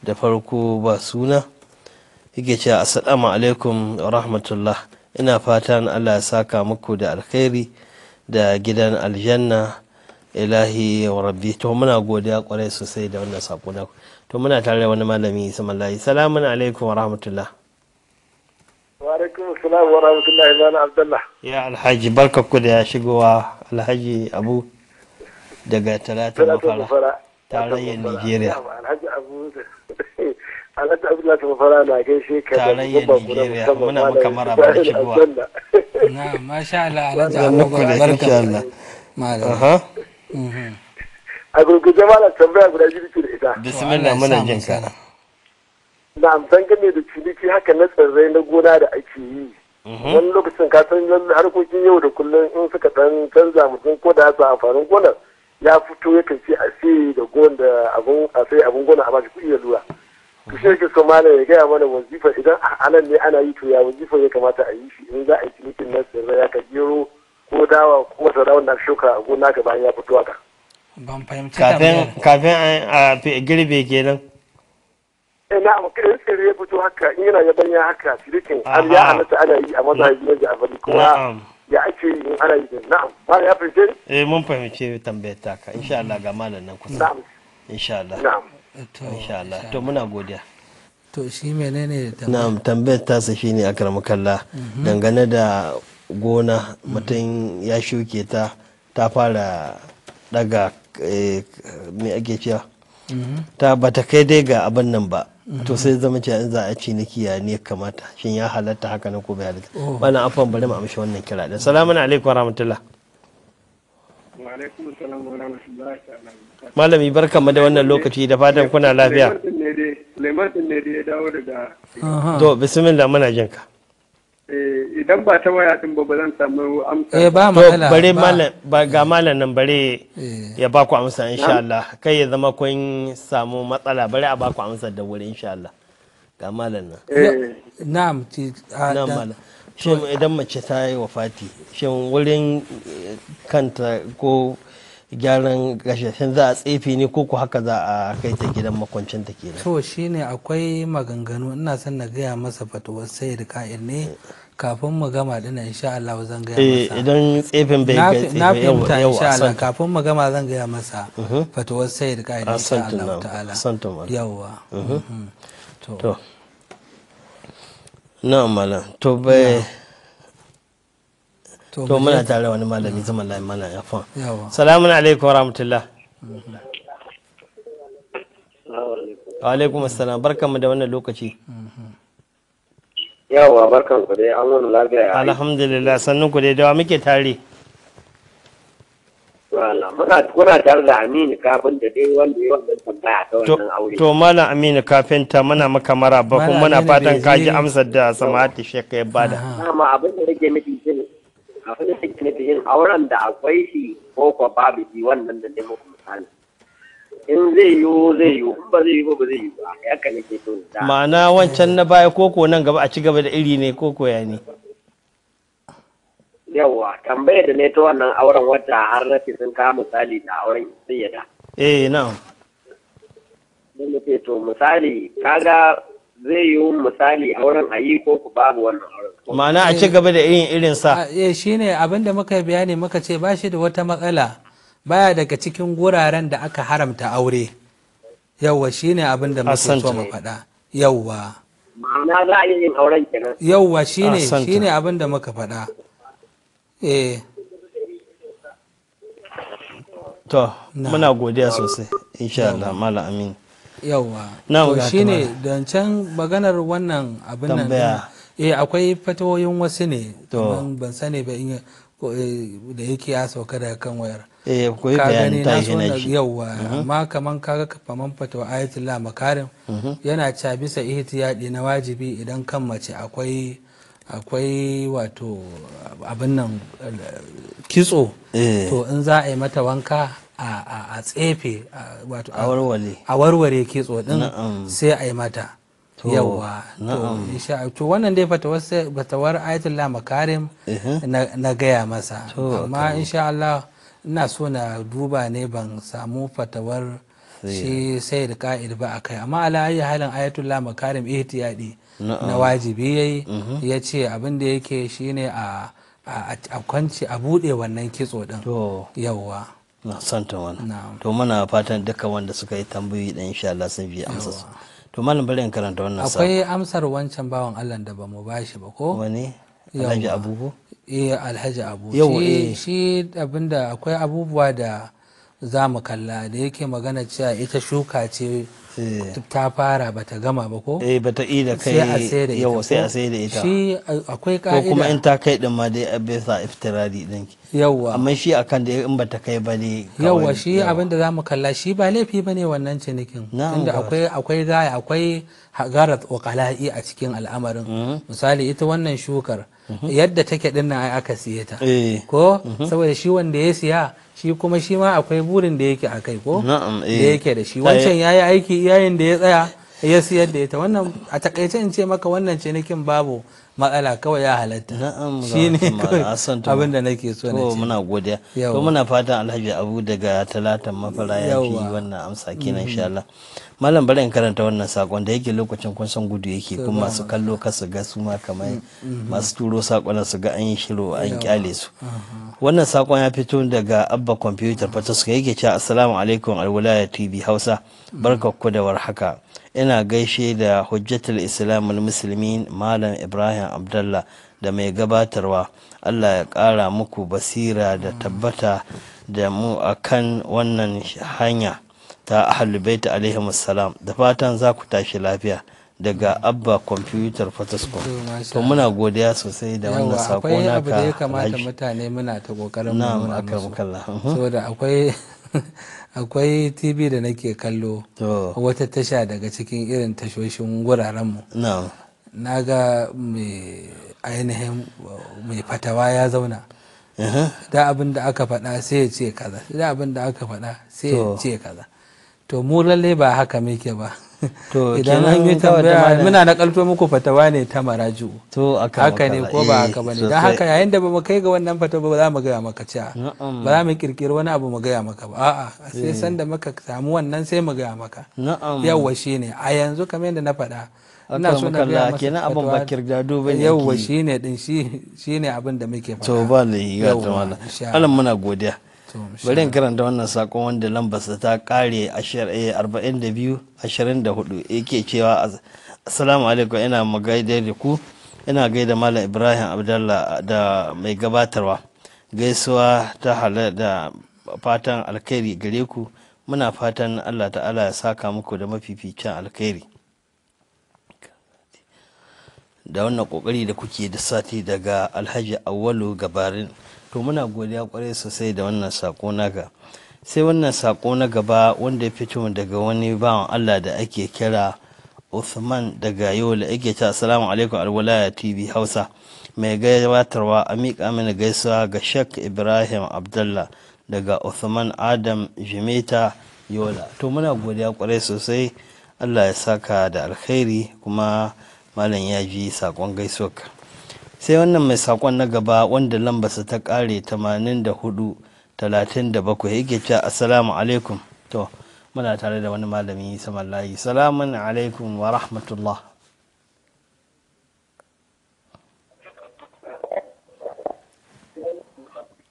da farko ba suna yake cewa assalamu alaikum wa rahmatullah ina fatan Allah ya saka muku da alkhairi da gidan aljanna ilahi wa rabbi to muna godiya kwarai sosai da wannan sako na to muna tare da wani malami isa mallahi salamun alaikum wa rahmatullah wa alaikum salam wa rahmatullahi wa abdullah ya alhaji barka ku da ya shigowa alhaji abu daga talata mafara tarayyar nigeria alhaji abu alhaji abdullah da mafara na gaishe ka tarayyar nigeria muna maka maraba da shigowa na masha Allah alhaji abu barka Allah a gurguje malam tambaya guda biyu ce da ita bismillah muna jin ka na amsan da ciniki haka na tsirrai na gona da ake yi mhm. wani lokacin ka san harkokin yau da kullum in suka dan canza mutum ko da hasa amfanin gonar ya fito ya kace a sai da gon da abun a sai abun gona a bashi kuɗi lura to shi yake so malam ya gaya mana wazifa idan anan ne ana yi to ya wazifa ya kamata a yi shi in za a yi cinikin na tsirrai ya ka gero ko dawa ko masara wanda shuka a gona ka bayan ya fito haka ban fahimci kafin kafin a girbe kenan eh na amma in tsire ya fito haka in yana ya banya haka sirikin har ya halatta ana yi a mazaji da abin kuma ya ake yi in ana yi da na'am ba ya fice eh mun fahimce tambayar taka insha Allah ga malam nan kusa na'am insha Allah na'am insha Allah to muna godiya to shi menene tambayar na'am tambayar tasa shine kalla mhm. dangane da gona mutum ya shuke ta ta fara daga eh, me ake cewa ta bata kai dai ga abin nan ba to sai zama cewa in za a ci niki ya ne kamata shin ya halatta haka na ko bai halatta oh. bana afan bari mu amshi wannan kira da salamun alaikum wa rahmatullah malami barkan mu da wannan lokaci da fatan kuna lafiya ne ya dawo daga. to bismillah muna jinka Eh, idan ba ta waya din ba ba zan samu amsa eh ba bare malam ba ga malam nan bare eh. ya ba ku amsa insha Allah kai ya zama kun samu matsala bare a ba ku amsa da wuri insha Allah ga malam nan eh. na'am ti na'am malam shin idan mace ta yi wafati shin wurin kanta ko gyaran gashashen za a tsefe ne ko ku haka za a kai ta gidan makwancin ta kenan to shine akwai maganganu ina son na gaya masa fatuwar sayyid ka'ir ne kafin mu gama din insha Allah zan gaya eh, masa eh idan tsefin bai ga tsefe na fahimta insha Allah kafin mu gama zan gaya masa mhm. fatuwar sayyid qaidi insha Allah ta'ala yawa mhm. mhm. to na'am mala to bai to muna tare wani malami zaman lai mana ya fa assalamu alaikum wa rahmatullah wa alaikum assalam barkamu da wannan lokaci yawa barkan ku dai an wani lafiya alhamdulillah sannu ku dai dawa muke tare muna kuna tare da aminu kafin da dai wanda ya ta tambaya ta wannan aure to malam aminu kafin ta muna maka maraba kuma muna fatan kaji amsar da sama'ati shekka ya bada amma abin da nake miki shi abin da nake nufi auren da akwai shi ko ko babu shi wannan da ne muku misali in zai yiwu zai yiwu in ba zai yiwu ba zai yiwu ba ke nake da. ma'ana wancan na baya koko nan gaba a ci gaba da iri ne koko ya ne yawa tambayar da ne ta wannan auren wata har na ce sun kawo misali da auren sayyada eh na mun ce to misali kaga zai yiwu misali auren ayi yi ko ku babu wannan auren ma'ana a ci gaba da yin irin sa eh shine abinda muka bayani muka ce ba shi da wata matsala baya daga cikin guraren da aka haramta aure yauwa shine abin da muke so mu faɗa yauwa yauwa shine shine abin da muka faɗa eh to muna godiya sosai insha Allah mala amin yauwa to shine don can maganar wannan abin nan eh akwai fatoyin wasu ne ban sani ba Eh, da yake ya sauka daga kan wayar eh, ka gani na so yauwa mm-hmm. amma kaman kaga kafaman fatawa ayatullah makarim mm-hmm. yana ca bisa ihtiyadi na wajibi idan kan mace akwai akwai wato abin nan kitso eh. to in za a yi mata wanka a tsefe a warware kitso din sai a yi mata yawwa to wannan dai fatawar la makarim na gaya masa amma insha Allah ina so na duba ne ban samu fatawar shi sai da ka'id ba a kai amma ala ayi halin la makarim ihtiyadi na wajibi yayi yace ce abin da yake shine a a kwanci a bude wannan kitso din yawwa. na santa wannan to muna fatan duka wanda suka yi tambayi da insha Allah sun biya amsa to malam bari in karanta wannan sa akwai amsar wancan bawan Allah da ba mu bashi ba ko wani Alhaji abubu eh Alhaji abubu shi eh. abinda akwai abubuwa da za mu kalla da yake magana cewa ita shuka ce eh. ta fara ba ta gama ba ko? eh ba ta da kai yawa sai a sai da ita shi akwai ka'ida ko kuma in ta kai din ma dai abin sa iftirari din yawa amma shi akan da in ba ta kai ba ne yawa shi abin da zamu kalla shi ba laifi ba ne wannan cinikin inda akwai akwai gaya akwai hagarat wa qala'i a cikin al'amarin mm-hmm. misali ita wannan shukar Mhm. yadda take dinnan ai aka siye ta eh. ko mhm. saboda shi wanda ya siya shi kuma shi ma akwai burin da yake akai ko da eh. yake da shi wancan yayi aiki yayin da ya tsaya ya siyar da ita wannan a takaice in ce maka wannan cinikin babu matsala kawai ya halatta shi ne abin da nake so na ce muna godiya to muna fatan alhaji abu daga talatan mafara ya fi wannan amsa kenan mhm. insha Allah malam bari in karanta wannan sakon da yake lokacin kun san gudu yake kuma masu kallo ka su ga su ma kamar mm, mm-hmm. masu turo sakon su ga an yi shiru an kyale su wannan sakon ya fito daga abba computer suka yake cewa assalamu alaikum alwalaya tv hausa mm. barkakku da warhaka ina gaishe da hujjatul islamul muslimin malam ibrahim abdallah da mai gabatarwa allah ya kara muku basira da mm. tabbata da mu akan wannan hanya ta ahalibaita alaihi alaihim da fatan za ku tashi lafiya daga abba kwamfutar photoscope to muna godiya sosai da wannan sako naka akwai abu da ya kamata mutane muna ta kokarin mu musu saboda akwai akwai tv da nake kallo wata tasha daga cikin irin tashoshin wurarenmu na ga mai ainihin mai fatawa ya zauna da abin da aka faɗa sai ya ce kaza da abin da aka faɗa sai ya ce kaza to mu lalle ba haka muke ba to idan an yi tambaya muna na kalto muku fatawa ne ta maraju to haka ne ko ba haka bane dan haka yayin da ba mu kai ga wannan fatawa ba za mu gaya maka cewa ba za mu kirkiri wani abu mu gaya maka ba a'a sai eh. san da muka samu wannan sai mu gaya maka yawa shine a yanzu kamar yadda na faɗa ina so na gaya kenan abin bakir ba ne yawa shine din shi shine abin da muke faɗa to ba ne ya tsamana Allah muna godiya bari karanta wannan sako wanda lambarsa ta kare 42-24 eh, yake cewa assalamu alaikum ina magaida da ku ina gaida malam ibrahim abdallah da mai gabatarwa gaisuwa ta halar da fatan alkhairi gare ku muna fatan allah ta'ala ya saka muku da mafificin alkhairi da wannan kokari da kuke da sati daga alhaji awwalu gabarin to muna godiya kwarai sosai da wannan sako naka sai wannan sako na gaba wanda ya fito daga wani bawan allah da ake kira Uthman daga Yola ake ta assalamu alaikum alwalaya TV Hausa mai gabatarwa a miƙa mini gaisuwa ga shek Ibrahim Abdullah daga Uthman Adam Jimeta Yola to muna godiya kwarai sosai Allah ya saka da alkhairi kuma malam ya ji sakon gaisuwarka sai wannan mai sakon na gaba wanda lambarsa ta kare 84 37 yake cewa assalamu alaikum to muna tare da wani malami saman layi salamun alaikum wa rahmatullah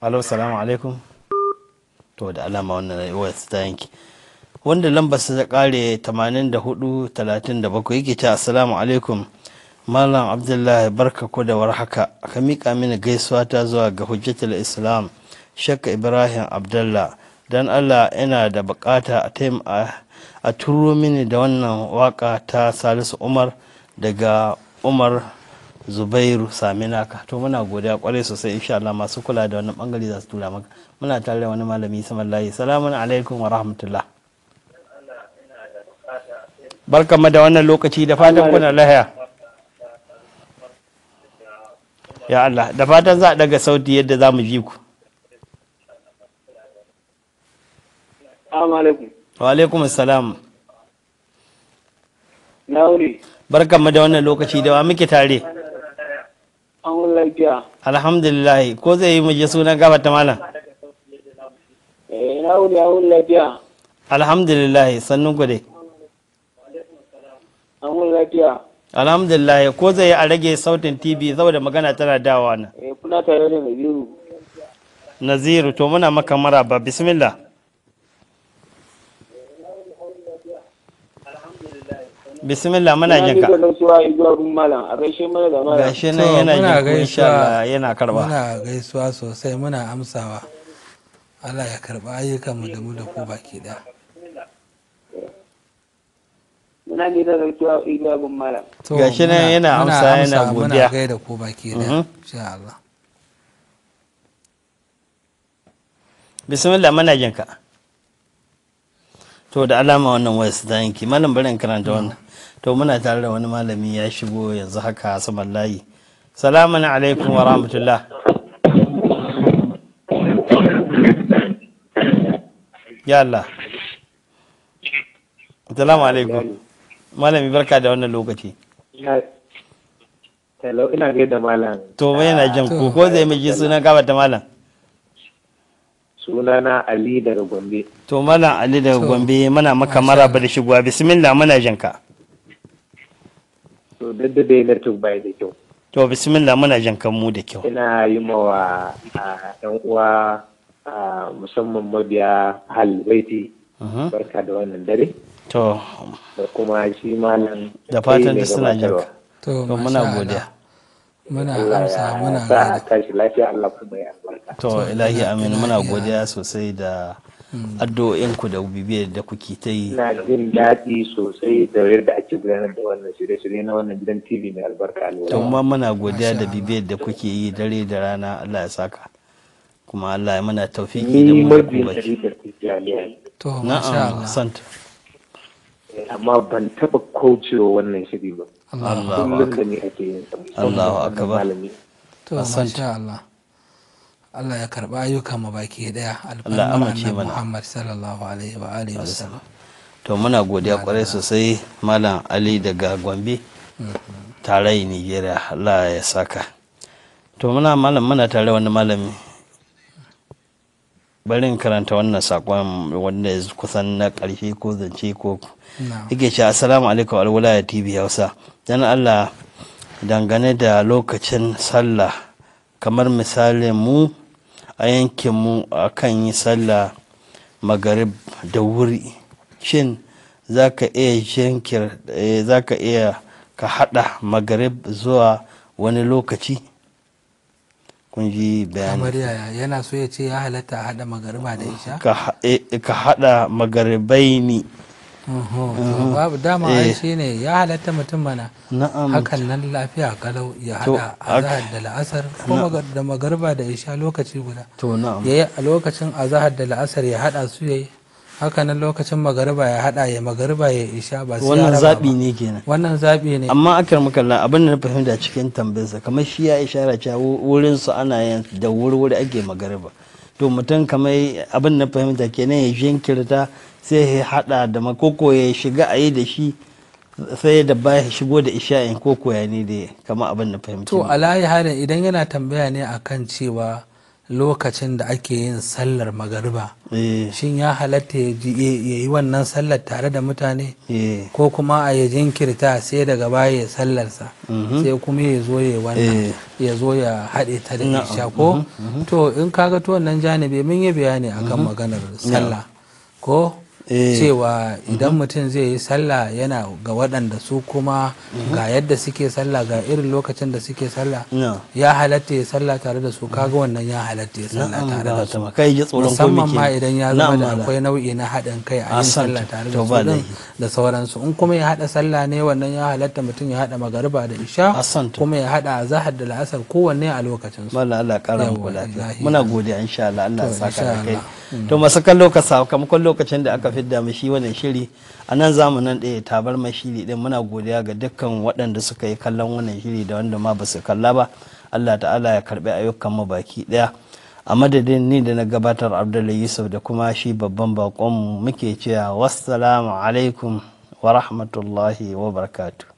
alo salamu alaikum to da alama wannan wayar ta yanki wanda lambarsa ta kare 84 37 yake cewa assalamu alaikum malam abdullahi barka ku da warhaka ka miƙa mini gaisuwa ta zuwa ga hujjatul islam shakka ibrahim abdullah don allah ina da bukata a turo mini da wannan waka ta salisu umar daga umar zubairu saminaka to muna godiya kwarai sosai insha Allah masu kula da wani bangare za su tura maka muna tare da wani malami saman layi salamun alaikum wa rahmatullah barkamu da wannan lokaci da fatan kuna lahiya ya Allah da fatan za a daga sauti yadda za mu ji ku wa alaikum salam na wuri barkan mu da wannan lokaci da wa muke tare an lafiya alhamdulillah ko zai yi muje sunan gaba ta malam eh, na wuri an lafiya alhamdulillah sannun ku dai lafiya alhamdulillah ko zai a rage sautin tv saboda magana tana dawa na eh, kuna tare da naziru naziru to muna maka maraba bismillah bismillah muna jin ka gashi nan yana jin ku insha yana karba muna gaisuwa sosai muna amsawa Allah ya karba ayyukan mu da mu da ku baki daya muna gaida da kyau iya gun malam gashi nan yana amsa yana godiya muna gaida ko baki da mhm. insha Allah bismillah muna jin ka to da alama wannan waya su yanki malam barin karanta wannan to muna tare da wani malami ya shigo yanzu haka saman layi salamun alaikum wa rahmatullah ya Allah salamu alaikum malami barka da wannan lokaci hello ina da malam to mai yana jan ko ko zai miji sunan gaba ta malam sunana ali daga gombe to malam ali daga gombe mana maka maraba da shigowa bismillah muna jan ka to duk da dai network bai da kyau to bismillah muna jan kan mu da kyau ina yi mawa yan uwa musamman mabiya halibaiti uh-huh. barka da wannan dare to da kuma shi nan. da fatan da suna jin to muna godiya muna amsa muna sa a tashi lafiya Allah kuma ya albarka to ilahi amin muna godiya sosai da mm. addu'o'in ku da bibiyar da kuke ta yi na jin daɗi sosai da yadda ake gudanar da wannan shirye-shirye na wannan gidan TV mai albarka To, amma muna godiya da bibiyar da kuke yi dare da rana Allah ya saka kuma Allah ya mana taufiki da mu da ku baki to masha Allah Na'am, amma ban taba kaucewa wannan shiri ba kullum da ni ake yin Allahu akbar to Allah Allah ya karba ayyuka mu baki daya alfarma annabi Muhammad sallallahu alaihi wa alihi wasallam to muna godiya kwarai sosai malam Ali daga Gombe mhm. tarayi Nigeria Allah ya saka to muna malam muna tare wani malami barin karanta wannan saƙon wanda kusan na ƙarfi ko zance ko yake ce assalamu alaikum ya tv hausa dan allah dangane da lokacin sallah kamar misalin mu a yankinmu a kan yi sallah magarib da wuri shin za ka iya jinkir eh, za ka iya ka haɗa magarib zuwa wani lokaci kun yi bayani kamar yaya yana so ya ce ya halatta a hada magariba da isha ka hada eh, magaribai ne mm-hmm. babu dama ai eh. ne ya halatta mutum mana hakan nan lafiya galau ya hada azahar da la'asar ko da magariba da isha lokaci guda to na'am yayi a lokacin azahar da la'asar ya hada su yayi hakanan lokacin magariba ya hada ya magariba ya isha ba su wannan zabi ne kenan wannan zabi ne amma akar kalla abin da na fahimta cikin tambayarsa kamar shi ya ishara cewa wurin su ana yin da wurwuri ake magariba to mutum kamar abin da na fahimta kenan ya jinkirta sai ya hada da makoko ya shiga a yi da shi sai da baya ya shigo da isha'in koko ne da kama abin da fahimta to alayi harin idan yana tambaya ne akan cewa lokacin da ake yin sallar magariba eh. shin ya halatta ya yi wannan sallar tare da mutane eh. ko kuma a yi jinkirta sai daga baya ya sallarsa mhm. sai kuma ya zo ya wannan eh. ya zo ya haɗe ta da isha mhm, ko mhm. to in kaga to wannan janibi mun yi bayani akan maganar sallah ko Eh. cewa idan mhm. mutum zai yi sallah yana ga waɗanda su kuma mhm. ga yadda suke sallah ga irin lokacin da suke sallah ya halatta ya sallah tare da su kaga wannan ya halatta ya sallah tare da su musamman ma idan ya zama da akwai nau'i na haɗin kai a yin sallah tare da su da sauransu in kuma ya haɗa sallah ne wannan ya halatta mutum ya haɗa magariba da isha kuma ya haɗa zahar da la'asar kowanne a lokacin su Allah ƙara mu lafiya muna godiya insha Allah Allah ya saka kai to masu kan ka sakamakon lokacin da aka fi fidda mu wannan shiri a nan zamanin ɗaya tabar ma shiri ɗin muna godiya ga dukkan waɗanda suka yi kallon wannan shiri da wanda ma ba su kalla ba allah ta'ala ya karɓi ayyukan mu baki ɗaya a madadin ni da na gabatar abdullahi yusuf da kuma shi babban bakon muke cewa wassalamu alaikum wa rahmatullahi wa barakatu